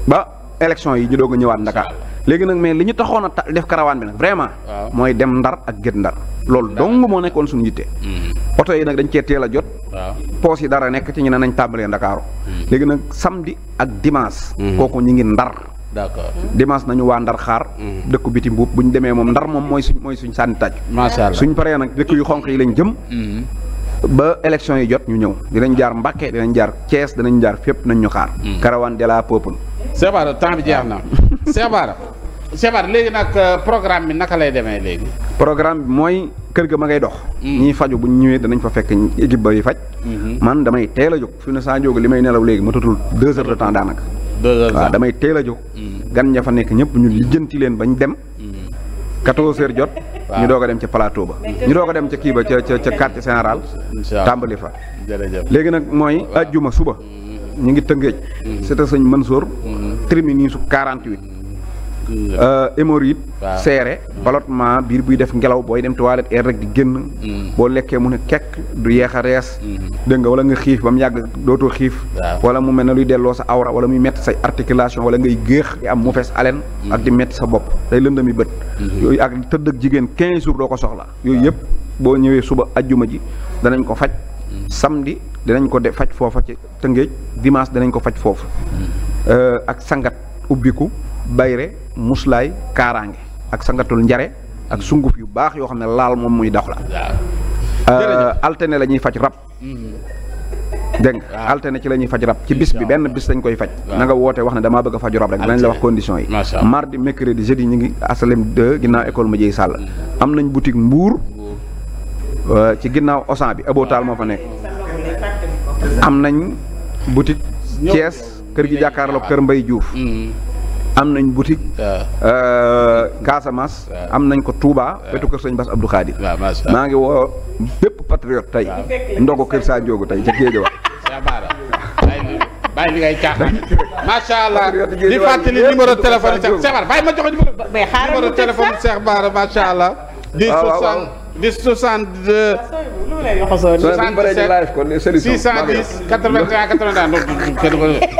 ba élection yi ñu doog a ñëwaat ndakaar léegi nag mais li ñu taxoon a def karawaan bi nag vraiment mooy dem ndar ak gét ndar loolu dong moo nekkoon suñu yitte mhm. oto yi nag dañ cee teel a jot poos yi dara nekk ci ñu ne nañ tàmbalee Ndakaaru hmm. léegi nag samedi ak dimaas hmm. kooku ñu ngi ndar d'accord dimanche nañu waa ndar xaar hmm. dëkku biti mbuub bu ñu demee moom ndar moom mooy suñ mooy suñ sànni tàj macha allah suñ paree nag dëkk yu xonq yi lañ jëm ba élection yi jot ñu ñëw dinañ jaar Mbàkke dinañ jaar cees dinañ jaar fépp nañ ñu xaar caravane de la peuple Cheikh Bara temps bi jeex na [LAUGHS] Cheikh Chebar léegi nag euh, programme bi naka lay demee léegi. programme bi mooy kër ga ma ngay dox. Hmm. ñiy faju bu ñu ñëwee danañ fa fekk équipe ba yi faj. Hmm. man damay teel a jóg fi ne saa jóg li may nelaw léegi ma tutul deux heures de temps daanaka. deux damay teel a jóg. Hmm. gan ña fa nekk ñëpp ñu lijjanti leen ba ñu dem. 14 heures jot. ñu doog a dem ca plateau ba. ñu doo a dem ca kii ba ca ca ca quartier général. tàmbali fa. léegi nag mooy ajjuma suba. ñu ngi tëngeej. c'est sëñ Mansour. terminus Euh, euh, hémorroïde seere ballottement biir buy def ngelaw booy dem toilette air rek di génn mm. boo lekkee mu ne kekk du yeex a rees mm. dégg nga wala nga xiif ba mu yàgg dootoo xiif wala mu mel ne luy delloo sa awra wala muy metti say articulation wala ngay géex di am mauvaise haleine mm. ak di metti sa bopp day lëndami bët mm-hmm. yooyu ak tëdd ak jigéen quinze jours doo ko soxla yooyu yëpp boo ñëwee suba ajjuma ji danañ ko faj samedi danañ ko de faj foofa ci tëngéej dimanche danañ ko faj foofu euh, ak sangat ubbiku bayre muslaay kaaraange ak sangatul njare ak sunguf yu baax yoo xam ne laal moom muy dox la euh, altine la ñuy faj rab mm-hmm. dégg nga altine ci la faj rab ci bis bi benn bis dañ koy faj na nga woote wax ne damaa bëgg a faju rab rek danañ la wax condition yi mardi mercredi jeudi ñu ngi asalem de ginnaaw école ma jëy sàll am nañ boutique mbuur euh, ci ginnaaw osan bi abotaal moo fa nekk am nañ boutique Thiès kër gi jàkkaarloo kër Mbay Juuf am nañ boutique. Euh, Casamance. am nañ ko Touba. wetu kër sëñ Bass Abdou Khadir. maa ngi woo bépp patriote tey. ndogu kër saa Ndiogu tey ca Géeja [LAUGHS] wax. bàyyi li ngay caaxaan macha allah di fàttali numéro téléphone Cheikh Bara bàyyi ma joxe numéro. mais xaaral numéro téléphone Cheikh Bara macha allah. waaw di 62. 77 610 81 80 daan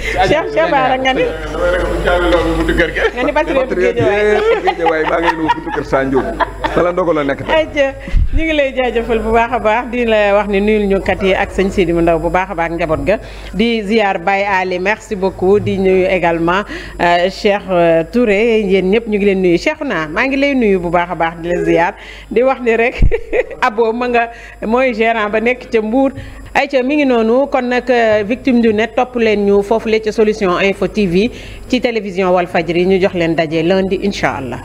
Cheikh Cheikh Bara nga ni. nga ni Patriote Guédiawaye maa ngi nuyu buntu kër Sa Ndiogou bala ndogo la nekk. ayca ñu ngi lay jaajëfal bu baax a baax di la wax ni nuyul ñu kat yi ak sëñ Sidi mu ndaw bu baax a baax njaboot ga di ziar Baye Ali merci beaucoup di nuyu également euh, Cheikh euh, Touré yéen ñëpp ñu ngi leen nuyu Cheikh naa maa ngi lay nuyu bu baax a baax di la ziar di wax ni rek [LAUGHS] abo ma nga mooy gérant ba nekk ca Mbour ayca mi ngi noonu kon nag euh, victime du net topp leen ñu foofu fële ca solution info TV ci télévision Walfadjri ñu jox leen daje lundi incha allah.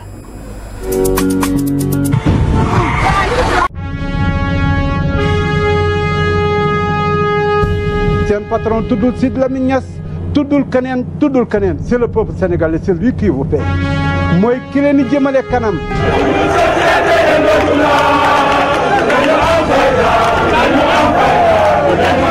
seen patron tuddul Sidy Lamine Niass tuddul keneen tuddul keneen c'est le peuple sénégalais c'est lui qui vous paie mooy ki leen di jëmale kanam dañu am fayda dañu am fayda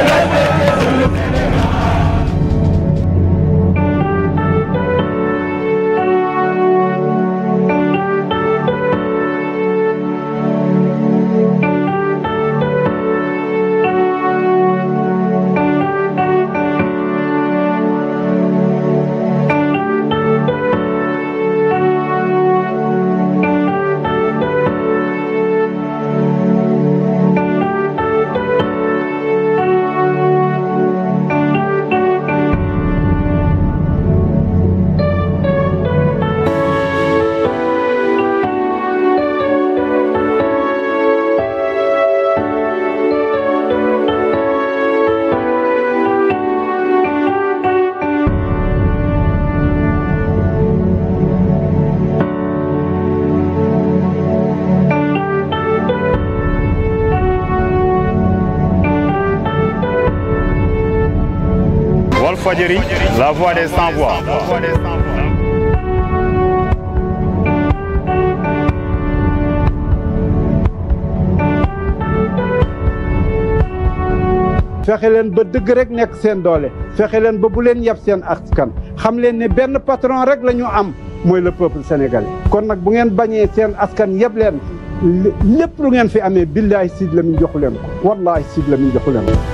Walfadjri la voix des sans voix leen ba dëgg rek nekk seen doole fexe leen ba bu leen yab seen askan xam leen ne benn patron rek la am mooy le peuple sénégalais kon nag bu ngeen bañee seen askan yëpp leen lépp lu ngeen fi amee billahi Sidy Lamine joxu leen ko wallahi Sidy Lamine joxu leen